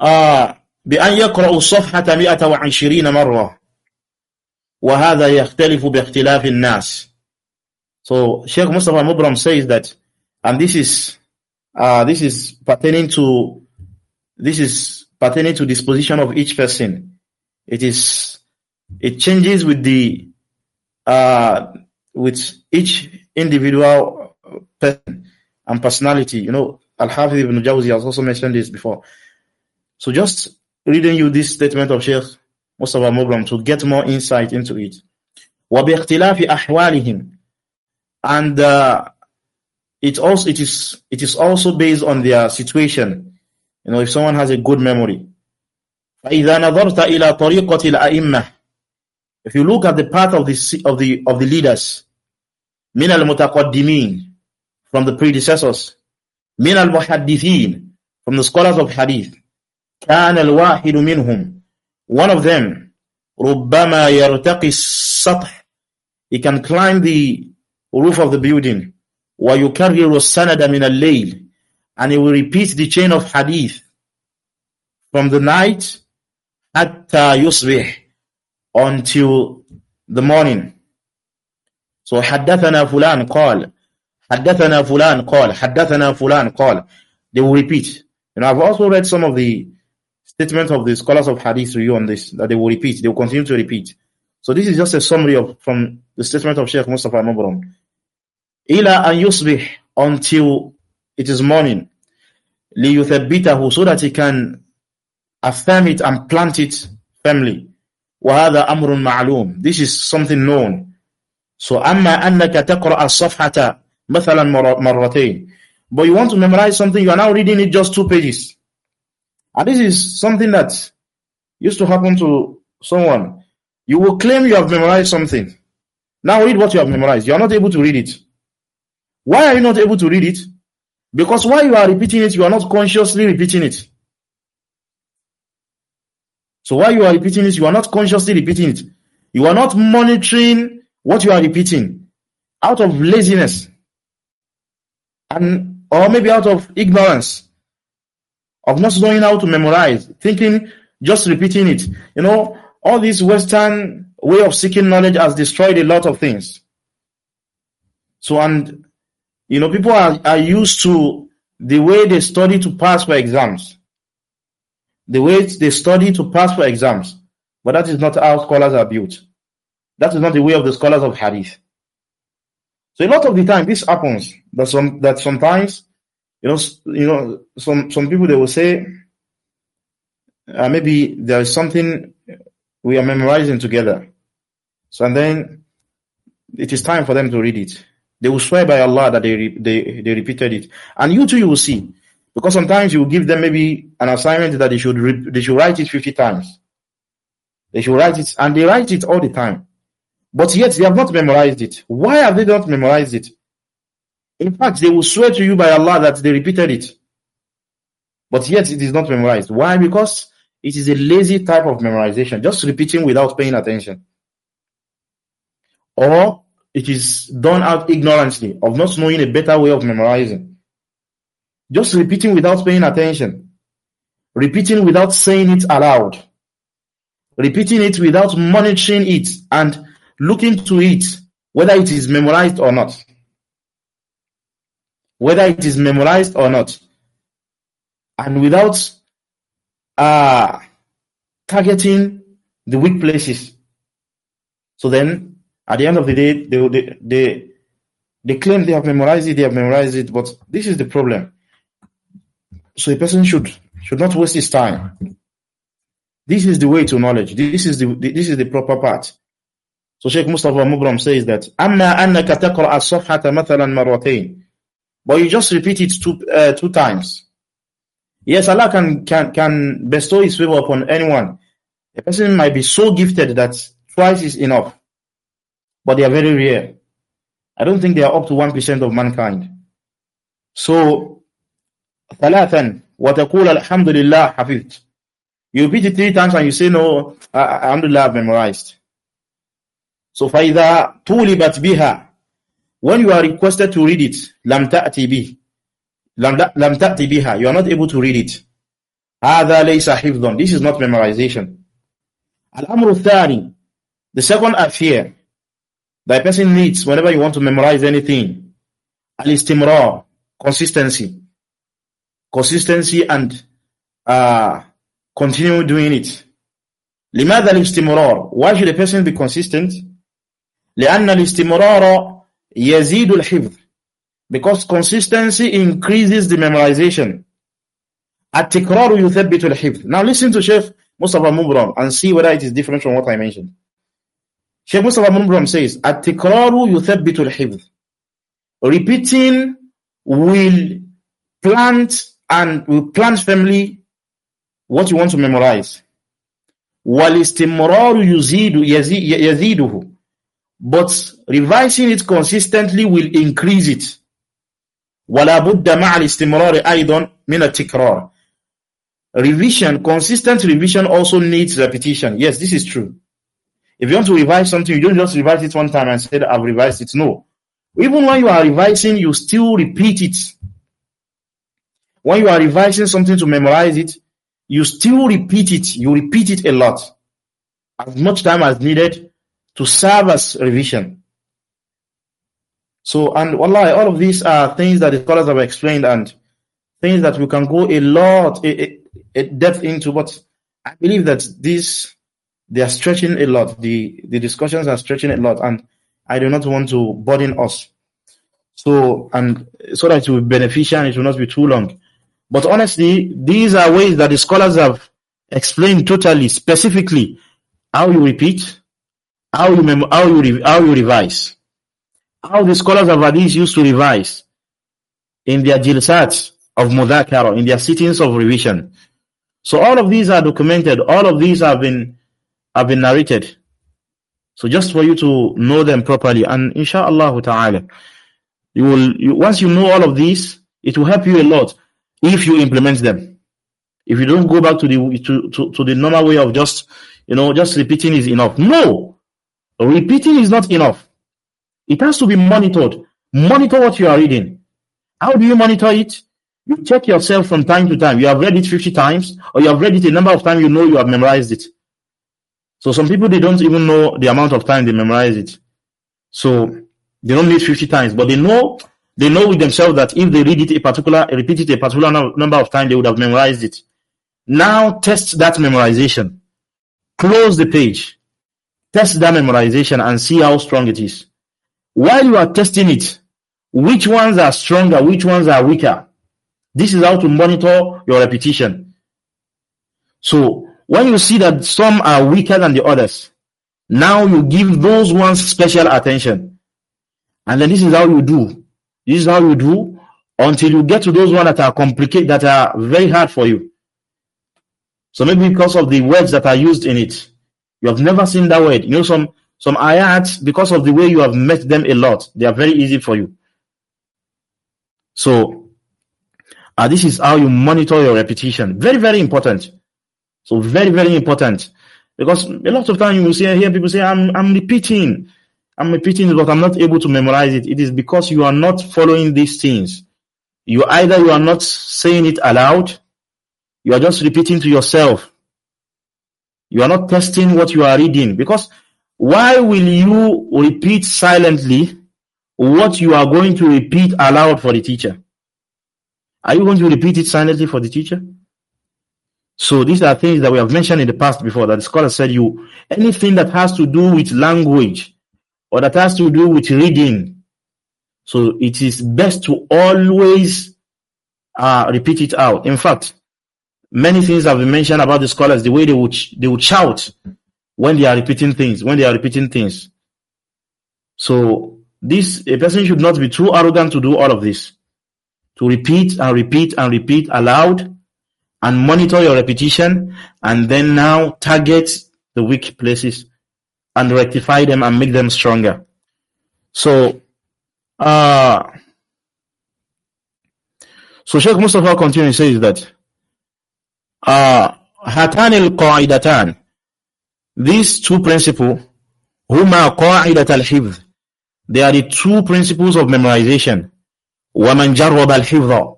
uh, بأن يقرأ الصفحة 120 مرة وهذا يختلف باختلاف الناس So Sheikh Mustafa Mubram says that and this is uh, this is pertaining to this is pertaining to disposition of each person it is it changes with the uh, with each individual person and personality. You know, Al-Hafiz ibn Jawzi has also mentioned this before. So just reading you this statement of Sheikh Mustafa Mubram to get more insight into it. And uh, it also it is it is also based on their situation. You know, if someone has a good memory. If you look at the path of the of the of the leaders, مِنَ الْمُتَقَدِّمِينَ from the predecessors min al المحدثين from the scholars of hadith كان الواحد منهم one of them ربما يرتقي السطح he can climb the roof of the building ويكرر السند من الليل and he will repeat the chain of hadith from the night حتى يصبح until the morning so حدثنا فلان قال Haddathana fulan qala, haddathana fulan qala. They will repeat. And I've also read some of the statements of the scholars of hadith to you on this, that they will repeat. They will continue to repeat. So this is just a summary of from the statement of Sheikh Mustafa Mubram. Ila an yusbih, until it is morning. لِيُثَبِّتَهُ So that he can affirm it and plant it firmly. وَهَذَا أَمْرٌ مَعْلُومٌ This is something known. So أَمَّا أَنَّكَ تَقْرَأَ الصَّفْحَةَ مثلا مرتين but you want to memorize something you are now reading it just two pages and this is something that used to happen to someone you will claim you have memorized something now read what you have memorized you are not able to read it why are you not able to read it because while you are repeating it you are not consciously repeating it so while you are repeating it you are not consciously repeating it you are not monitoring what you are repeating out of laziness and or maybe out of ignorance of not knowing how to memorize, thinking just repeating it. You know, all this Western way of seeking knowledge has destroyed a lot of things. So, and you know, people are, are used to the way they study to pass for exams, the way they study to pass for exams. But that is not how scholars are built. That is not the way of the scholars of Hadith. So a lot of the time, this happens that some that sometimes, you know, you know, some some people they will say, uh, maybe there is something we are memorizing together, so and then it is time for them to read it. They will swear by Allah that they they they repeated it, and you too you will see, because sometimes you will give them maybe an assignment that they should they should write it fifty times. They should write it, and they write it all the time. But yet they have not memorized it. Why have they not memorized it? In fact, they will swear to you by Allah that they repeated it. But yet it is not memorized. Why? Because it is a lazy type of memorization, just repeating without paying attention. Or it is done out ignorantly, of not knowing a better way of memorizing. Just repeating without paying attention. Repeating without saying it aloud. Repeating it without monitoring it and look into it, whether it is memorized or not. Whether it is memorized or not. And without uh, targeting the weak places. So then, at the end of the day, they, they, they, they claim they have memorized it, they have memorized it, but this is the problem. So a person should should not waste his time. This is the way to knowledge. This is the this is the proper path. So Sheikh Mustafa Mubram says that, أَمَّا أَنَّكَ تَقْرَأَ الصَّفْحَةَ مَثَلًا مَرَّتَيْنِ But you just repeat it two, uh, two times. Yes, Allah can, can, can bestow His favor upon anyone. A person might be so gifted that twice is enough. But they are very rare. I don't think they are up to 1% of mankind. So, ثَلَاثًا call alhamdulillah have it. You repeat it three times and you say, no, uh, Alhamdulillah, I've memorized. So but be her, When you are requested to read it, لَمْ تَأْتِ بِهِ لَمْ تَأْتِ بِهَا You are not able to read it. هَذَا لَيْسَ حِفْظًا This is not memorization. Al-amru thani. The second affair that a person needs whenever you want to memorize anything. Al-istimrar. Consistency. Consistency and uh, continue doing it. لماذا الاستمرار? Why should a person be consistent? لأن الاستمرار يزيد الحفظ because consistency increases the memorization التكرار يثبت الحفظ now listen to Chef Mustafa Mubram and see whether it is different from what I mentioned Chef Mustafa Mubram says التكرار يثبت الحفظ repeating will plant and will plant firmly what you want to memorize والاستمرار يزيد يزيده but revising it consistently will increase it. ولا مع الاستمرار أيضا من التكرار. Revision, consistent revision also needs repetition. Yes, this is true. If you want to revise something, you don't just revise it one time and say, I've revised it. No. Even when you are revising, you still repeat it. When you are revising something to memorize it, you still repeat it. You repeat it a lot. As much time as needed, to serve as revision. So, and wallahi, all of these are things that the scholars have explained and things that we can go a lot, a, a depth into, but I believe that these, they are stretching a lot. The, the discussions are stretching a lot and I do not want to burden us. So, and so that it will be beneficial and it will not be too long. But honestly, these are ways that the scholars have explained totally, specifically, how you repeat, how you how you how you revise, how the scholars of hadith used to revise in their jilsats of mudhakara, in their sittings of revision. So all of these are documented. All of these have been have been narrated. So just for you to know them properly, and inshallah ta'ala, you will you, once you know all of these, it will help you a lot if you implement them. If you don't go back to the to, to, to the normal way of just you know just repeating is enough. No, Repeating is not enough. It has to be monitored. Monitor what you are reading. How do you monitor it? You check yourself from time to time. You have read it 50 times or you have read it a number of times you know you have memorized it. So some people, they don't even know the amount of time they memorize it. So they don't need 50 times, but they know, they know with themselves that if they read it a particular, repeat it a particular no, number of times, they would have memorized it. Now test that memorization. Close the page. Test that memorization and see how strong it is. While you are testing it, which ones are stronger, which ones are weaker. This is how to monitor your repetition. So when you see that some are weaker than the others, now you give those ones special attention. And then this is how you do. This is how you do until you get to those ones that are complicated, that are very hard for you. So maybe because of the words that are used in it. You have never seen that word. You know, some, some ayats, because of the way you have met them a lot, they are very easy for you. So, uh, this is how you monitor your repetition. Very, very important. So, very, very important. Because a lot of time you will see, hear people say, I'm, I'm repeating. I'm repeating but I'm not able to memorize it. It is because you are not following these things. You either you are not saying it aloud, you are just repeating to yourself. You are not testing what you are reading because why will you repeat silently what you are going to repeat aloud for the teacher? Are you going to repeat it silently for the teacher? So these are things that we have mentioned in the past before that the scholar said you anything that has to do with language or that has to do with reading. So it is best to always uh, repeat it out. In fact, many things have been mentioned about the scholars, the way they would they would shout when they are repeating things, when they are repeating things. So this a person should not be too arrogant to do all of this. To repeat and repeat and repeat aloud and monitor your repetition and then now target the weak places and rectify them and make them stronger. So uh so Sheikh Mustafa continues says that هاتان uh, القاعدتان These two principles هما قاعدة الحفظ They are the two principles of memorization ومن جرب الحفظ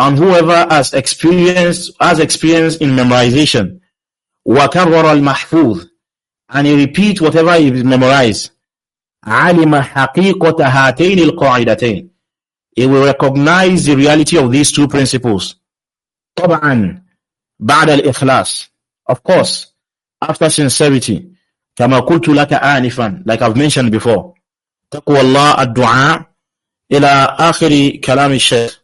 And whoever has experience has experience in memorization وكرر المحفوظ And he repeats whatever he memorized علم حقيقة هاتين القاعدتين He will recognize the reality of these two principles طبعاً بعد الإخلاص of course after sincerity كما قلت لك آنفا like I've mentioned before تقوى الله الدعاء إلى آخر كلام الشيخ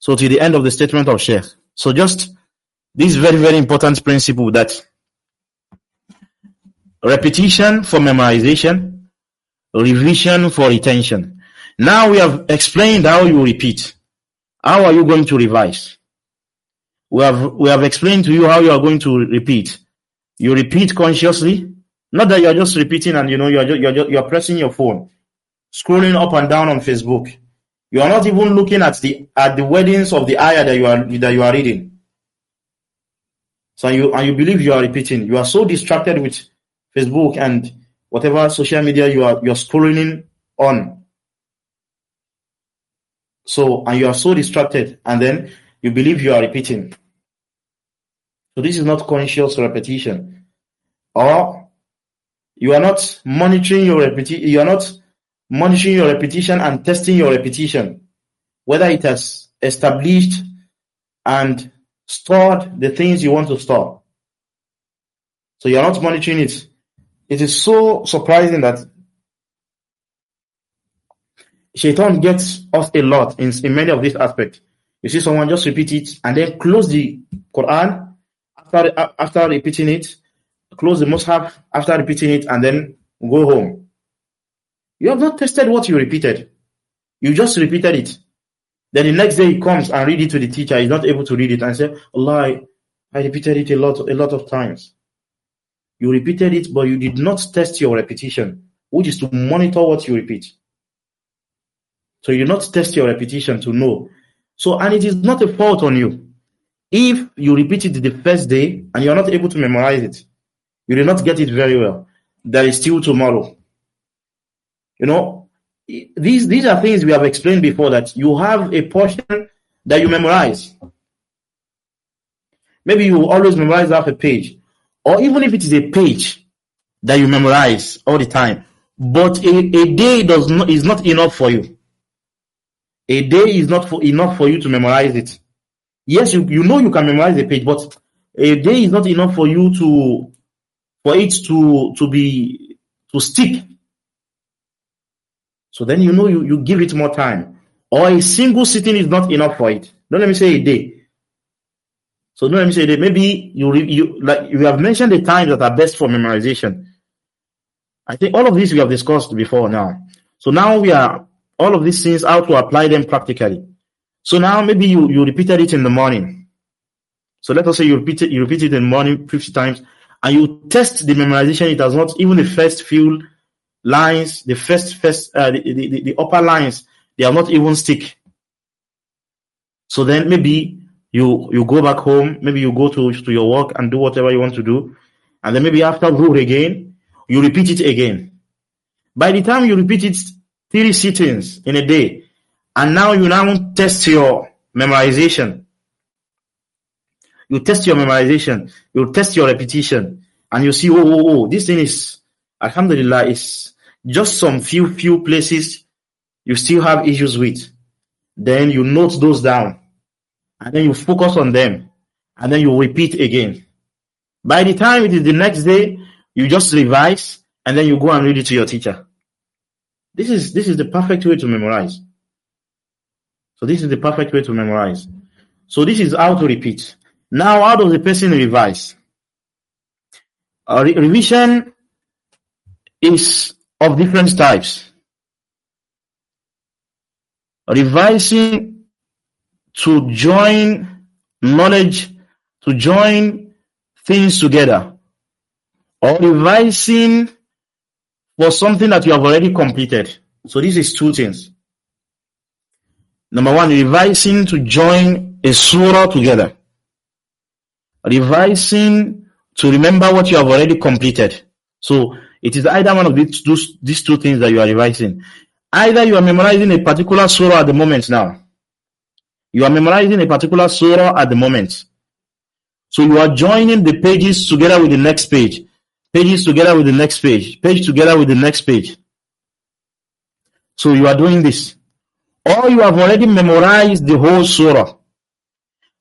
so to the end of the statement of Sheikh so just this very very important principle that repetition for memorization revision for retention now we have explained how you repeat how are you going to revise we have, we have explained to you how you are going to repeat. You repeat consciously. Not that you are just repeating and you know, you are, you are, you are pressing your phone, scrolling up and down on Facebook. You are not even looking at the, at the weddings of the ayah that you are, that you are reading. So you, and you believe you are repeating. You are so distracted with Facebook and whatever social media you are, you're scrolling on. So, and you are so distracted and then you believe you are repeating. So this is not conscious repetition. Or you are not monitoring your repetition, you are not monitoring your repetition and testing your repetition, whether it has established and stored the things you want to store. So you are not monitoring it. It is so surprising that Shaitan gets us a lot in, in many of these aspects. You see someone just repeat it and then close the Quran after after repeating it, close the mushaf after repeating it, and then go home. You have not tested what you repeated. You just repeated it. Then the next day he comes and read it to the teacher. He's not able to read it and say, Allah, I, I repeated it a lot, a lot of times. You repeated it, but you did not test your repetition, which is to monitor what you repeat. So you not test your repetition to know. So, and it is not a fault on you. If you repeat it the first day and you're not able to memorize it, you will not get it very well. There is still tomorrow. You know, these, these are things we have explained before that you have a portion that you memorize. Maybe you always memorize half a page, or even if it is a page that you memorize all the time, but a, a day does not, is not enough for you. A day is not for, enough for you to memorize it yes, you, you know you can memorize the page, but a day is not enough for you to for it to to be to stick. So then you know you, you give it more time. Or a single sitting is not enough for it. Don't let me say a day. So don't let me say a day. Maybe you you like you have mentioned the times that are best for memorization. I think all of this we have discussed before now. So now we are all of these things how to apply them practically. So now maybe you, you repeated it in the morning. So let us say you repeat it, you repeat it in the morning 50 times and you test the memorization. It has not even the first few lines, the first, first, uh, the, the, the, the upper lines, they are not even stick. So then maybe you, you go back home. Maybe you go to, to your work and do whatever you want to do. And then maybe after Zuhr again, you repeat it again. By the time you repeat it three sittings in a day, and now you now test your memorization. You test your memorization. You test your repetition. And you see, oh, oh, oh, this thing is, alhamdulillah, is just some few, few places you still have issues with. Then you note those down. And then you focus on them. And then you repeat again. By the time it is the next day, you just revise and then you go and read it to your teacher. This is, this is the perfect way to memorize. So this is the perfect way to memorize. So this is how to repeat. Now, how does the person revise? Uh, re revision is of different types. Revising to join knowledge, to join things together, or revising for something that you have already completed. So this is two things. Number one, revising to join a surah together. Revising to remember what you have already completed. So it is either one of these, these two things that you are revising. Either you are memorizing a particular surah at the moment now. You are memorizing a particular surah at the moment. So you are joining the pages together with the next page. Pages together with the next page. Page together with the next page. So you are doing this or you have already memorized the whole surah.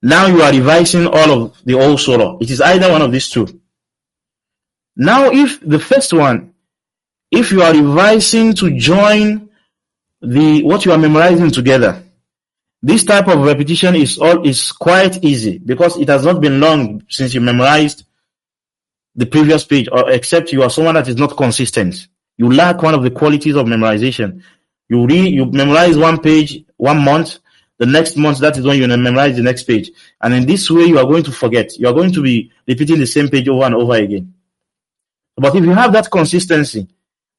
Now you are revising all of the whole surah. It is either one of these two. Now if the first one, if you are revising to join the what you are memorizing together, this type of repetition is all is quite easy because it has not been long since you memorized the previous page or except you are someone that is not consistent. You lack one of the qualities of memorization. You read, you memorize one page one month. The next month, that is when you memorize the next page. And in this way, you are going to forget. You are going to be repeating the same page over and over again. But if you have that consistency,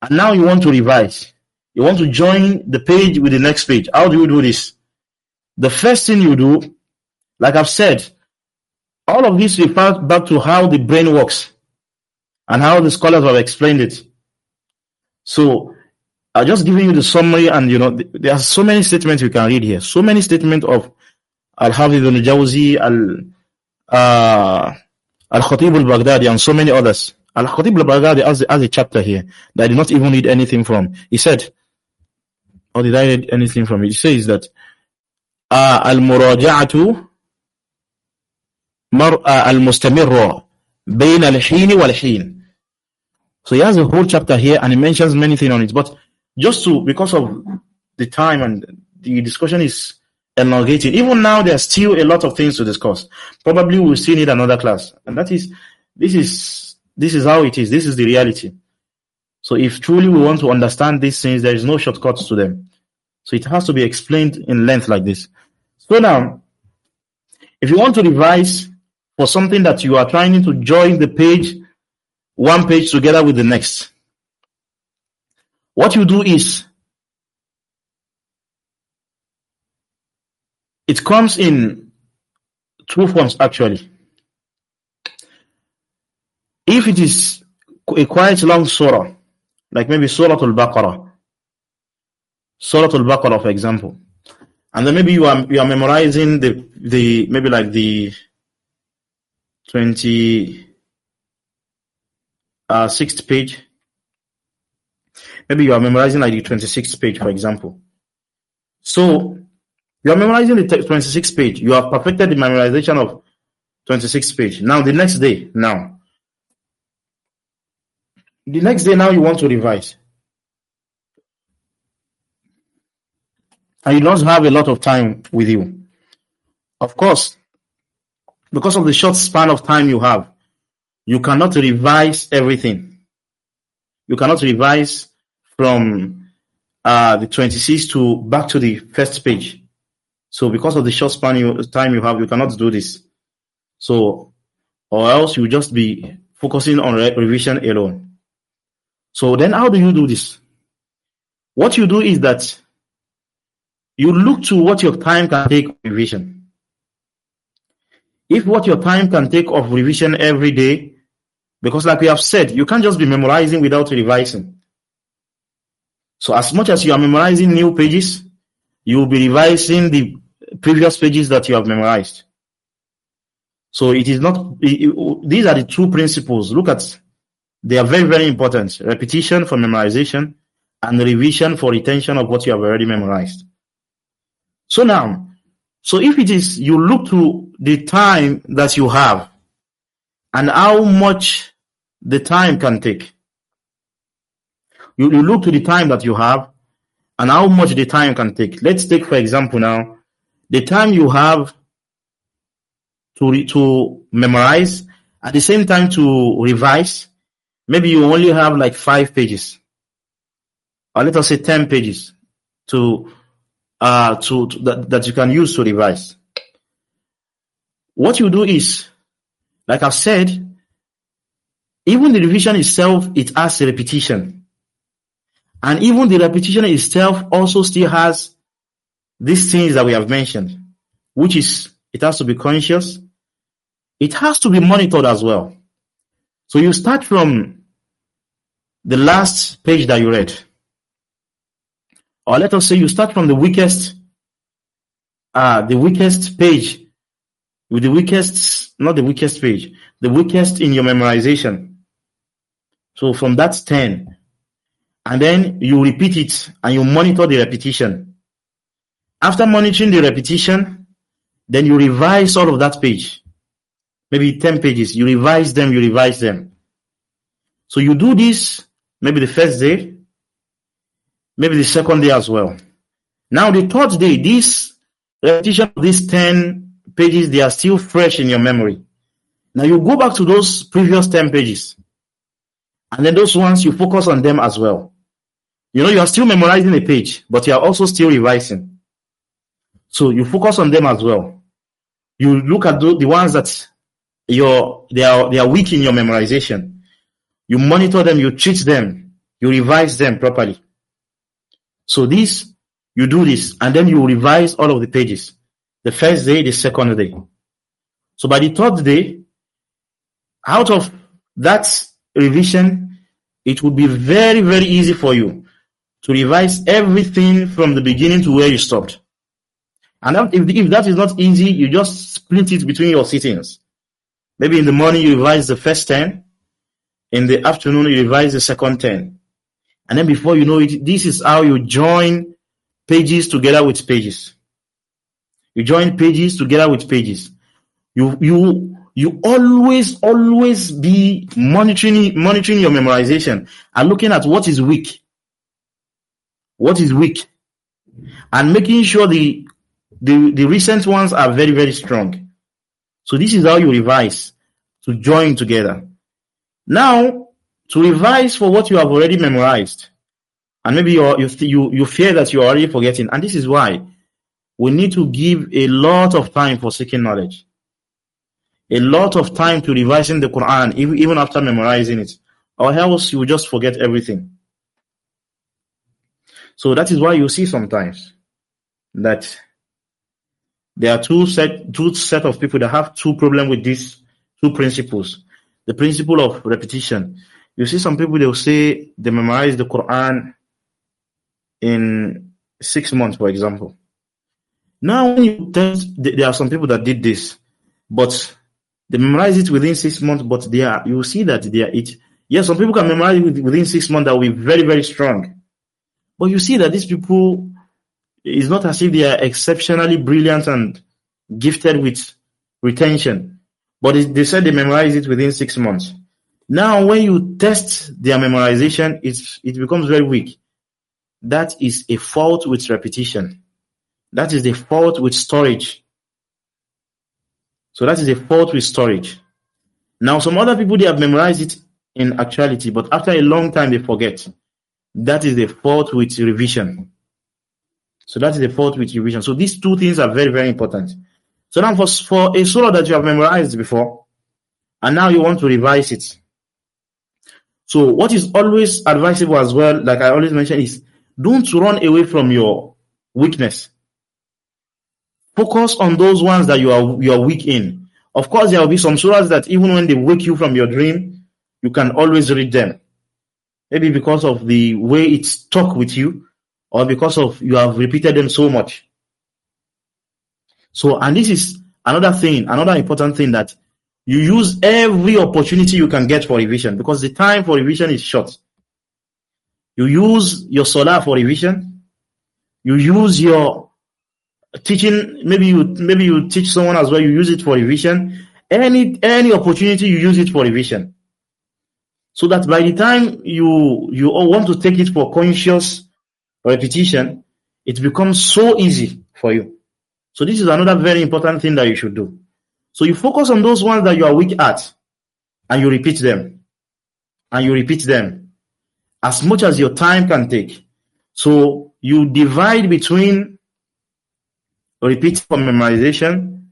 and now you want to revise, you want to join the page with the next page. How do you do this? The first thing you do, like I've said, all of this refers back to how the brain works and how the scholars have explained it. So i am just giving you the summary, and you know, th there are so many statements you can read here. So many statements of Al-Hafiz al-Jawzi, uh, Al-Khatib al al-Baghdadi, and so many others. Al-Khatib al-Baghdadi has, has a chapter here that I did not even read anything from. He said, or did I read anything from it? He says that, uh, al-muraja'atu mar'a al-mustamirra Bain al-heen wal-heen. So he has a whole chapter here and he mentions many things on it. But just to because of the time and the discussion is elongating. Even now, there's still a lot of things to discuss. Probably we'll still need another class, and that is this is this is how it is. This is the reality. So if truly we want to understand these things, there is no shortcuts to them. So it has to be explained in length like this. So now, if you want to revise for something that you are trying to join the page, one page together with the next, what you do is, it comes in two forms actually. If it is a quite long surah, like maybe Surah Al-Baqarah, Surah Al-Baqarah for example, and then maybe you are you are memorizing the the maybe like the 20 uh, sixth page Maybe you are memorizing like the 26th page, for example. So you are memorizing the 26th page. You have perfected the memorization of 26th page. Now the next day, now. The next day now you want to revise. And you don't have a lot of time with you. Of course, because of the short span of time you have, you cannot revise everything. You cannot revise from uh, the 26 to back to the first page. So because of the short span you, time you have, you cannot do this. So, or else you just be focusing on re revision alone. So then how do you do this? What you do is that you look to what your time can take revision. If what your time can take of revision every day, because like we have said, you can't just be memorizing without revising. So as much as you are memorizing new pages, you will be revising the previous pages that you have memorized. So it is not, it, it, these are the two principles. Look at, they are very, very important. Repetition for memorization and revision for retention of what you have already memorized. So now, so if it is, you look to the time that you have and how much the time can take. You, you look to the time that you have and how much the time can take. Let's take, for example, now the time you have to, to memorize at the same time to revise. Maybe you only have like five pages or let us say 10 pages to, uh, to, to that, that you can use to revise. What you do is, like I've said, even the revision itself, it has a repetition. And even the repetition itself also still has these things that we have mentioned, which is it has to be conscious. It has to be monitored as well. So you start from the last page that you read. Or let us say you start from the weakest, uh, the weakest page with the weakest, not the weakest page, the weakest in your memorization. So from that 10, and then you repeat it and you monitor the repetition. After monitoring the repetition, then you revise all of that page. Maybe 10 pages. You revise them, you revise them. So you do this maybe the first day, maybe the second day as well. Now the third day, this repetition of these 10 pages, they are still fresh in your memory. Now you go back to those previous 10 pages. And then those ones, you focus on them as well. You know, you are still memorizing a page, but you are also still revising. So you focus on them as well. You look at the, the ones that your they are, they are weak in your memorization. You monitor them, you treat them, you revise them properly. So this, you do this, and then you revise all of the pages. The first day, the second day. So by the third day, out of that revision, it would be very, very easy for you to revise everything from the beginning to where you stopped. And if, if that is not easy, you just split it between your sittings. Maybe in the morning you revise the first 10, in the afternoon you revise the second 10. And then before you know it, this is how you join pages together with pages. You join pages together with pages. You, you, you always, always be monitoring, monitoring your memorization and looking at what is weak what is weak, and making sure the, the, the recent ones are very, very strong. So this is how you revise to join together. Now, to revise for what you have already memorized, and maybe you you, you fear that you're already forgetting, and this is why we need to give a lot of time for seeking knowledge. A lot of time to revising the Quran, even after memorizing it. Or else you will just forget everything. So that is why you see sometimes that there are two set two set of people that have two problem with these two principles. The principle of repetition. You see some people they will say they memorize the Quran in six months, for example. Now when you test, there are some people that did this, but they memorize it within six months, but they are you will see that they are it. Yes, some people can memorize it within six months that will be very, very strong. But you see that these people, it's not as if they are exceptionally brilliant and gifted with retention, but it, they said they memorize it within six months. Now, when you test their memorization, it's, it becomes very weak. That is a fault with repetition. That is the fault with storage. So that is a fault with storage. Now, some other people, they have memorized it in actuality, but after a long time, they forget. That is the fault with revision. So that is the fault with revision. So these two things are very, very important. So now for, for a solo that you have memorized before, and now you want to revise it. So what is always advisable as well, like I always mention, is don't run away from your weakness. Focus on those ones that you are you are weak in. Of course, there will be some surahs that even when they wake you from your dream, you can always read them. Maybe because of the way it stuck with you, or because of you have repeated them so much. So, and this is another thing, another important thing that you use every opportunity you can get for revision because the time for revision is short. You use your solar for revision. You use your teaching. Maybe you maybe you teach someone as well. You use it for revision. Any any opportunity you use it for revision so that by the time you you want to take it for conscious repetition, it becomes so easy for you. So this is another very important thing that you should do. So you focus on those ones that you are weak at, and you repeat them, and you repeat them as much as your time can take. So you divide between repeat for memorization,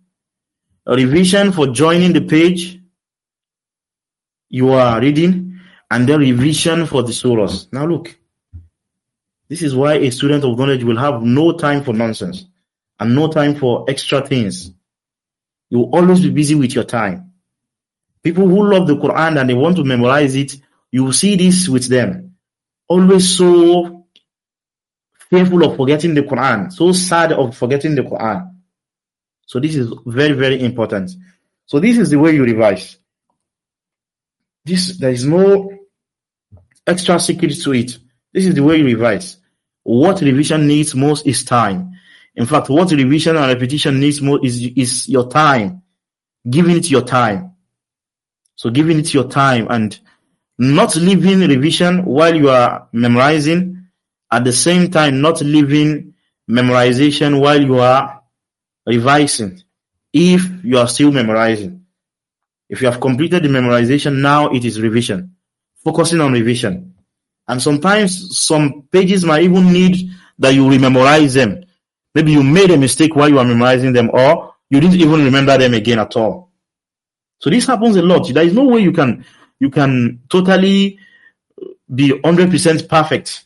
revision for joining the page you are reading, and then revision for the surahs. Now look, this is why a student of knowledge will have no time for nonsense and no time for extra things. You will always be busy with your time. People who love the Quran and they want to memorize it, you will see this with them. Always so fearful of forgetting the Quran, so sad of forgetting the Quran. So this is very, very important. So this is the way you revise. This there is no extra secret to it. This is the way you revise. What revision needs most is time. In fact, what revision and repetition needs most is, is your time. Giving it your time. So giving it your time and not leaving revision while you are memorizing. At the same time, not leaving memorization while you are revising. If you are still memorizing. If you have completed the memorization, now it is revision focusing on revision. And sometimes some pages might even need that you rememorize them. Maybe you made a mistake while you are memorizing them or you didn't even remember them again at all. So this happens a lot. There is no way you can, you can totally be 100% perfect.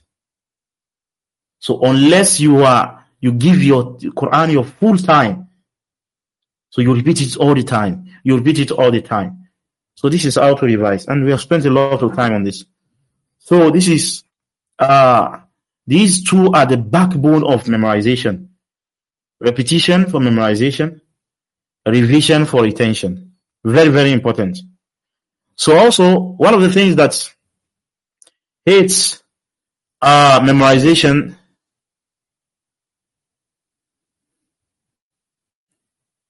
So unless you are, you give your Quran your full time. So you repeat it all the time. You repeat it all the time. So this is how to revise, and we have spent a lot of time on this. So this is uh these two are the backbone of memorization. Repetition for memorization, revision for retention. Very, very important. So also one of the things that hates uh memorization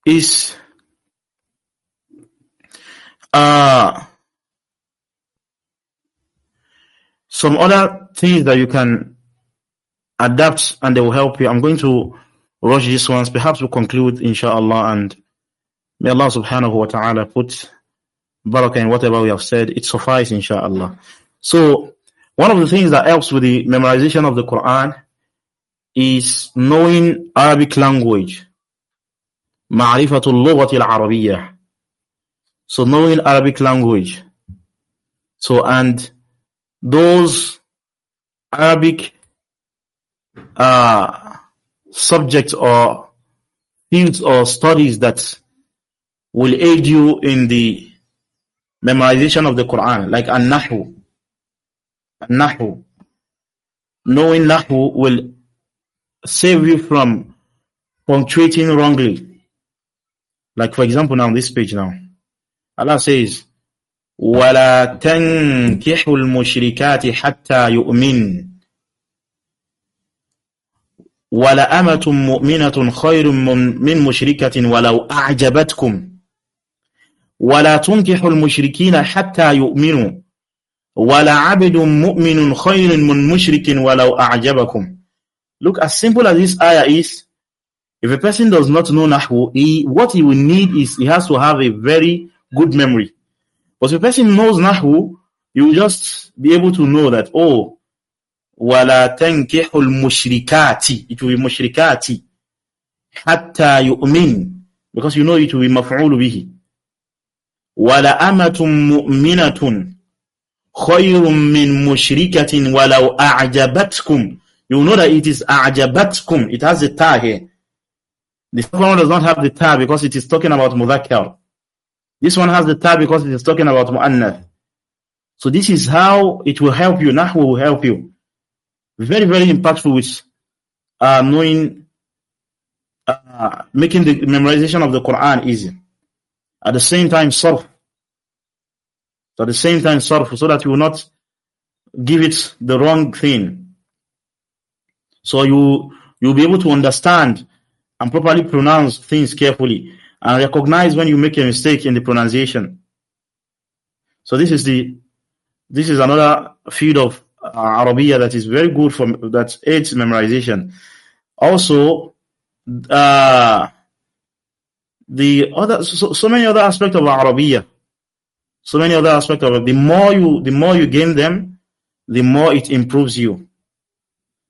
is uh, some other things that you can adapt and they will help you. I'm going to rush these ones. Perhaps we'll conclude, inshallah, and may Allah subhanahu wa ta'ala put barakah in whatever we have said. It suffices, inshallah. So, one of the things that helps with the memorization of the Quran is knowing Arabic language. معرفة اللغة العربية so knowing Arabic language. So, and those Arabic uh, subjects or fields or studies that will aid you in the memorization of the Quran, like An-Nahu. nahu Knowing Nahu will save you from punctuating wrongly. Like for example now, this page now. Allah says, وَلَا تَنْكِحُ الْمُشْرِكَاتِ حَتَّى يُؤْمِنْ ولا أمة مُؤْمِنَةٌ خَيْرٌ مِنْ مُشْرِكَةٍ وَلَوْ أَعْجَبَتْكُمْ وَلَا تُنْكِحُ الْمُشْرِكِينَ حَتَّى يُؤْمِنُوا ولا عبد مُؤْمِنٌ خَيْرٌ مِنْ مُشْرِكٍ وَلَوْ أَعْجَبَكُمْ Look, as simple as this ayah is, if a person does not know Nahu, he, what he will need is he has to have a very good memory. But if a person knows Nahu, you will just be able to know that, oh, wala تَنْكِحُ mushrikati It will be mushrikati. you umin Because you know it will be mafulu bihi, wala أَمَةٌ مُؤْمِنَةٌ خَيْرٌ مِّن مُشْرِكَةٍ وَلَوْ أَعْجَبَتْكُمْ You know that it is أَعْجَبَتْكُم. It has a ta here. The second one does not have the ta because it is talking about mudhakkar. This one has the ta because it is talking about mu'annath. So this is how it will help you. Nahwu will help you. Very, very impactful with uh, knowing, uh, making the memorization of the Quran easy. At the same time, sarf. So at the same time, sarf, so that you will not give it the wrong thing. So you, you'll be able to understand and properly pronounce things carefully and recognize when you make a mistake in the pronunciation. So this is the this is another field of uh, Arabia that is very good for that aids memorization. Also, uh, the other so, so many other aspects of Arabia, so many other aspects of it. The more you the more you gain them, the more it improves you.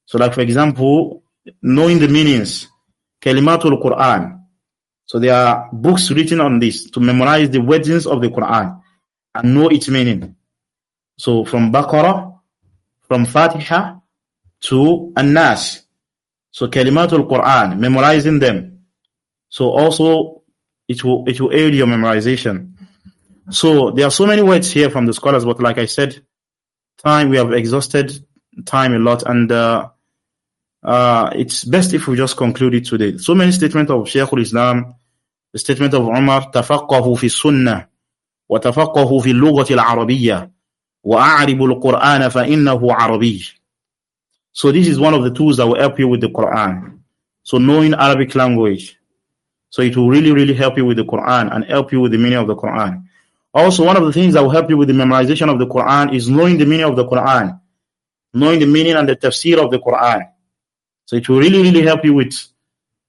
So, like for example, knowing the meanings, kalimatul Quran. So there are books written on this to memorize the words of the Quran and know its meaning. So from Baqarah, from Fatiha to An-Nas. So Kalimatul Quran, memorizing them. So also it will, it will aid your memorization. So there are so many words here from the scholars, but like I said, time, we have exhausted time a lot and uh, uh, it's best if we just conclude it today. So many statements of Shaykh al-Islam, the statement of Umar, تَفَقَّهُ فِي السُّنَّةِ وَتَفَقَّهُ فِي اللُّغَةِ الْعَرَبِيَّةِ وَأَعْرِبُ الْقُرْآنَ فَإِنَّهُ عَرَبِيٌّ So this is one of the tools that will help you with the Quran. So knowing Arabic language. So it will really, really help you with the Quran and help you with the meaning of the Quran. Also, one of the things that will help you with the memorization of the Quran is knowing the meaning of the Quran, knowing the meaning and the tafsir of the Quran. So it will really, really help you with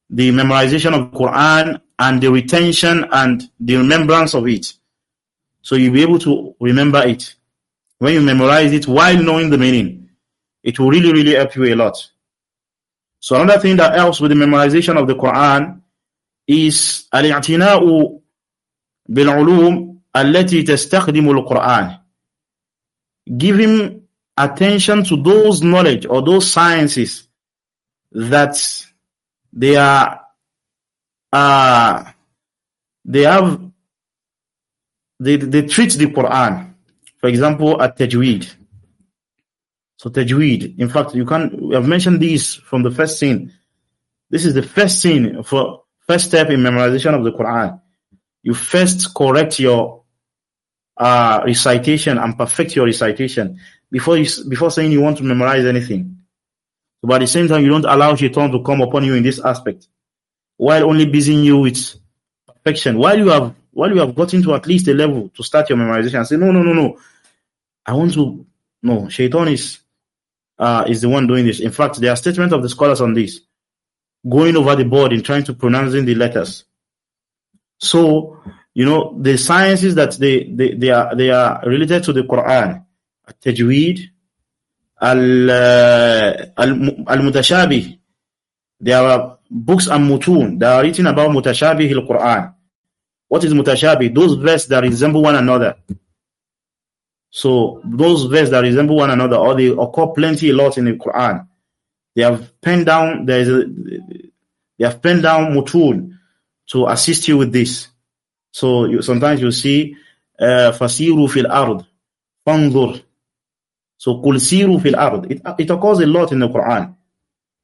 the memorization of Quran and the retention and the remembrance of it. So you'll be able to remember it. When you memorize it while knowing the meaning, it will really, really help you a lot. So another thing that helps with the memorization of the Quran is al-i'tina'u bil-ulum allati tastakhdimu al-Quran. Give him attention to those knowledge or those sciences that they are uh, they have they they treat the Quran. For example, at Tajweed. So Tajweed. In fact, you can we have mentioned this from the first scene. This is the first scene for first step in memorization of the Quran. You first correct your uh, recitation and perfect your recitation before you before saying you want to memorize anything. But at the same time, you don't allow shaitan to come upon you in this aspect, while only busying you with perfection. While you have while you have gotten to at least a level to start your memorization, and say, no, no, no, no, I want to. No, shaitan is uh, is the one doing this. In fact, there are statements of the scholars on this, going over the board in trying to pronouncing the letters. So, you know, the sciences that they they, they are they are related to the Quran, tajweed, al-mutashabih. Eh, there are books and mutun that are written about mutashabih al-Quran. What is mutashabih? Those verses that resemble one another. So those verses that resemble one another, or they occur plenty a lot in the Quran. They have penned down there is a, they have penned down mutun to assist you with this. So you, sometimes you see eh, fasiru fil ard, fanzur so kul siru fil ard. It, uh, it occurs a lot in the Quran.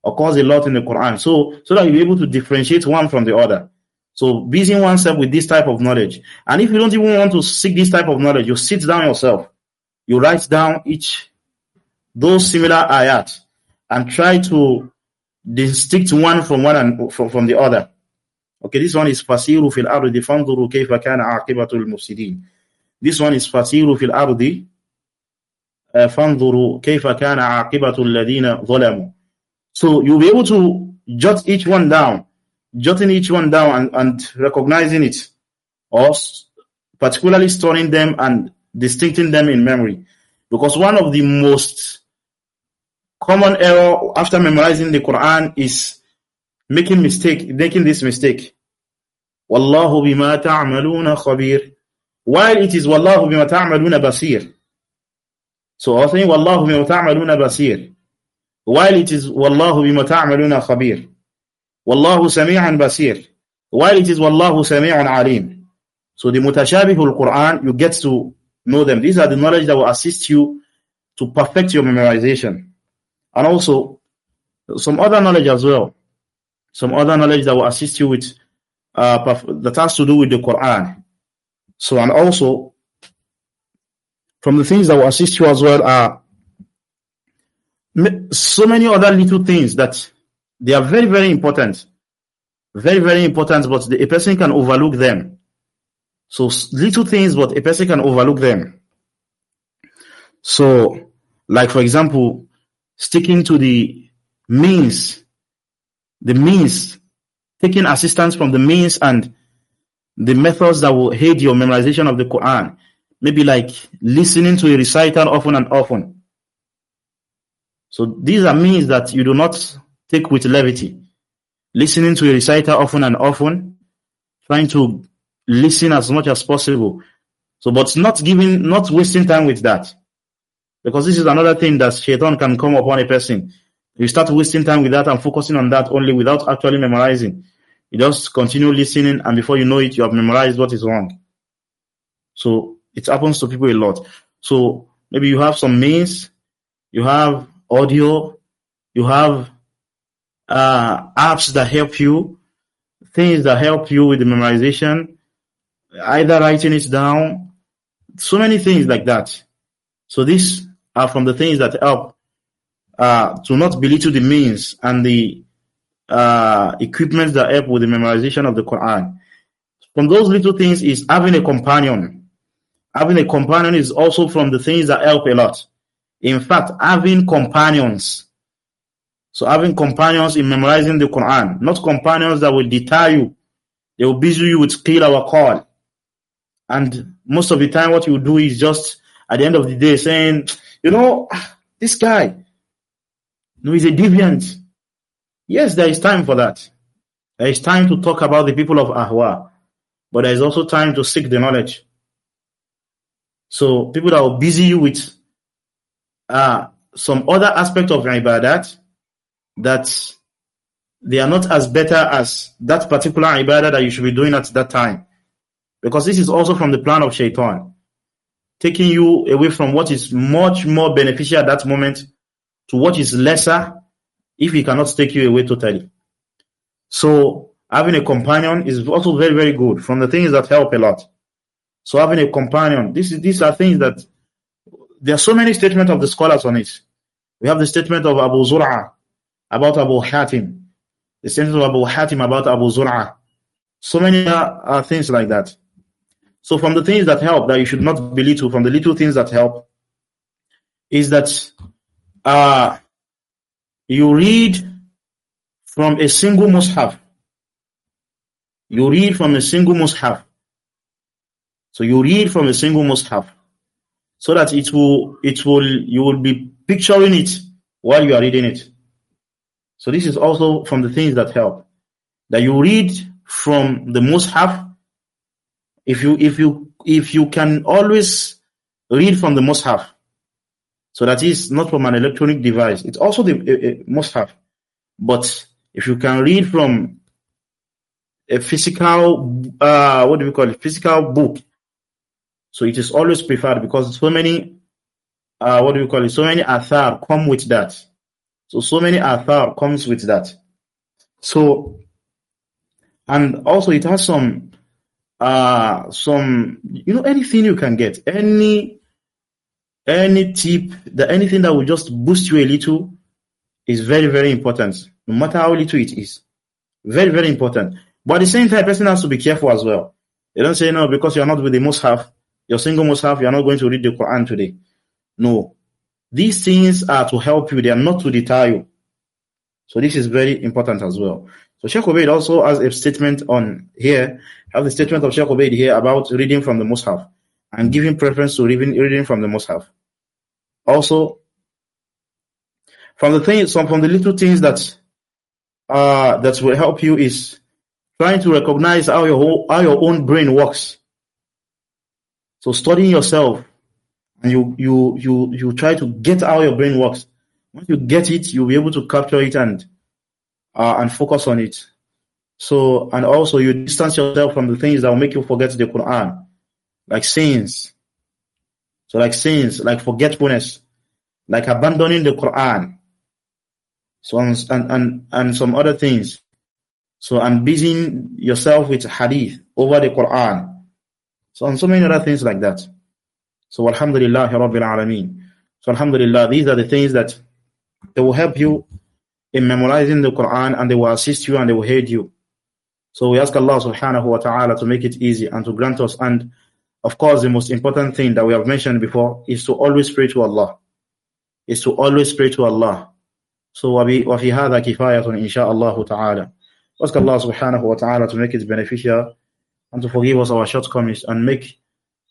Occurs a lot in the Quran. So so that you're able to differentiate one from the other. So busy oneself with this type of knowledge. And if you don't even want to seek this type of knowledge, you sit down yourself. You write down each those similar ayat and try to distinct one from one and from, from the other. Okay, this one is fasiru fil ardi fanzuru kayfa kana aqibatul mufsidin. This one is fasiru fil ardi فانظروا كيف كان عاقبة الذين ظلموا So you'll be able to jot each one down, jotting each one down and, and recognizing it, or particularly storing them and distincting them in memory. Because one of the most common error after memorizing the Quran is making mistake, making this mistake. Wallahu bima ta'amaluna khabir. While it is Wallahu bima ta'amaluna basir. So I was saying, Wallahu bima ta'amaluna basir. While it is Wallahu bima ta'amaluna khabir. Wallahu sami'an basir. While it is Wallahu sami'an alim. So the mutashabihul Quran, you get to know them. These are the knowledge that will assist you to perfect your memorization. And also, some other knowledge as well. Some other knowledge that will assist you with uh, that has to do with the Quran. So, and also, from the things that will assist you as well are so many other little things that they are very, very important. Very, very important, but the, a person can overlook them. So little things, but a person can overlook them. So, like for example, sticking to the means, the means, taking assistance from the means and the methods that will aid your memorization of the Quran maybe like listening to a recital often and often. So these are means that you do not take with levity. Listening to a reciter often and often, trying to listen as much as possible. So, but not giving, not wasting time with that. Because this is another thing that shaitan can come upon a person. You start wasting time with that and focusing on that only without actually memorizing. You just continue listening and before you know it, you have memorized what is wrong. So it happens to people a lot. So maybe you have some means, you have audio, you have uh, apps that help you, things that help you with the memorization, either writing it down, so many things like that. So these are from the things that help uh, to not belittle the means and the uh, equipment that help with the memorization of the Quran. From those little things is having a companion Having a companion is also from the things that help a lot. In fact, having companions. So having companions in memorizing the Quran, not companions that will deter you. They will busy you with skill our call. And most of the time what you do is just at the end of the day saying, you know, this guy, no, he's a deviant. Yes, there is time for that. There is time to talk about the people of Ahwa, but there is also time to seek the knowledge. So people that will busy you with uh, some other aspect of your ibadat that they are not as better as that particular ibadah that you should be doing at that time. Because this is also from the plan of shaitan, taking you away from what is much more beneficial at that moment to what is lesser if he cannot take you away totally. So having a companion is also very, very good. From the things that help a lot. So having a companion, this is these are things that there are so many statements of the scholars on it. We have the statement of Abu Zur'a about Abu Hatim, the statement of Abu Hatim about Abu Zur'a. So many things like that. So from the things that help, that you should not belittle, from the little things that help, is that uh, you read from a single mushaf. You read from a single mushaf. So you read from a single mushaf so that it will, it will, you will be picturing it while you are reading it. So this is also from the things that help that you read from the mushaf. If you, if you, if you can always read from the mushaf, so that is not from an electronic device. It's also the uh, mushaf, but if you can read from a physical, uh, what do we call it? Physical book so it is always preferred because so many, uh, what do you call it? So many athar come with that. So, so many athar comes with that. So, and also it has some, uh, some, you know, anything you can get, any, any tip, that anything that will just boost you a little is very, very important, no matter how little it is. Very, very important. But at the same time, person has to be careful as well. They don't say no because you're not with the most half. You're single oh, Musaf, you're not going to read the Quran today. No. These things are to help you, they are not to deter you. So this is very important as well. So Sheikh Ubaid also has a statement on here, have the statement of Sheikh Ubaid here about reading from the Musaf and giving preference to reading, reading from the Musaf. Also, from the things, some from the little things that uh, that will help you is trying to recognize how your whole, how your own brain works. So studying yourself, and you you you you try to get how your brain works. Once you get it, you'll be able to capture it and uh, and focus on it. So and also you distance yourself from the things that will make you forget the Quran, like sins. So like sins, like forgetfulness, like abandoning the Quran. So and and and some other things. So and busying yourself with hadith over the Quran so and so many other things like that. So Alhamdulillah Rabbil Alameen. So Alhamdulillah, these are the things that they will help you in memorizing the Quran and they will assist you and they will aid you. So we ask Allah subhanahu wa ta'ala to make it easy and to grant us. And of course, the most important thing that we have mentioned before is to always pray to Allah. Is to always pray to Allah. So وَفِي هَذَا كِفَايَةٌ إِنْشَاءَ اللَّهُ ta'ala. Ask Allah subhanahu wa ta'ala to make it beneficial and to forgive us our shortcomings and make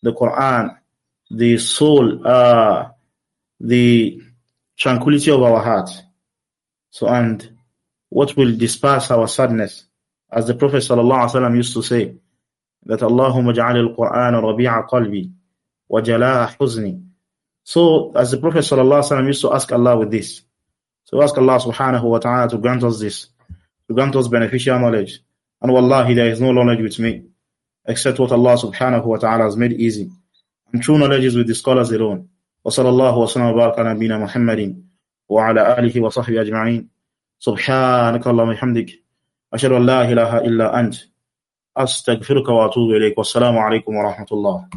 the Quran the soul, uh, the tranquility of our heart. So, and what will disperse our sadness? As the Prophet ﷺ used to say, that Allahumma ja'al al-Qur'an rabi'a qalbi wa jala'a huzni. So, as the Prophet ﷺ used to ask Allah with this. So ask Allah subhanahu wa ta'ala to grant us this, to grant us beneficial knowledge. And wallahi, there is no knowledge with me except what Allah subhanahu wa ta'ala has made easy. And true knowledge is with the scholars alone. وصلى الله وسلم وبارك على نبينا محمد وعلى آله وصحبه أجمعين سبحانك اللهم وبحمدك أشهد أن لا إله إلا أنت أستغفرك وأتوب إليك والسلام عليكم ورحمة الله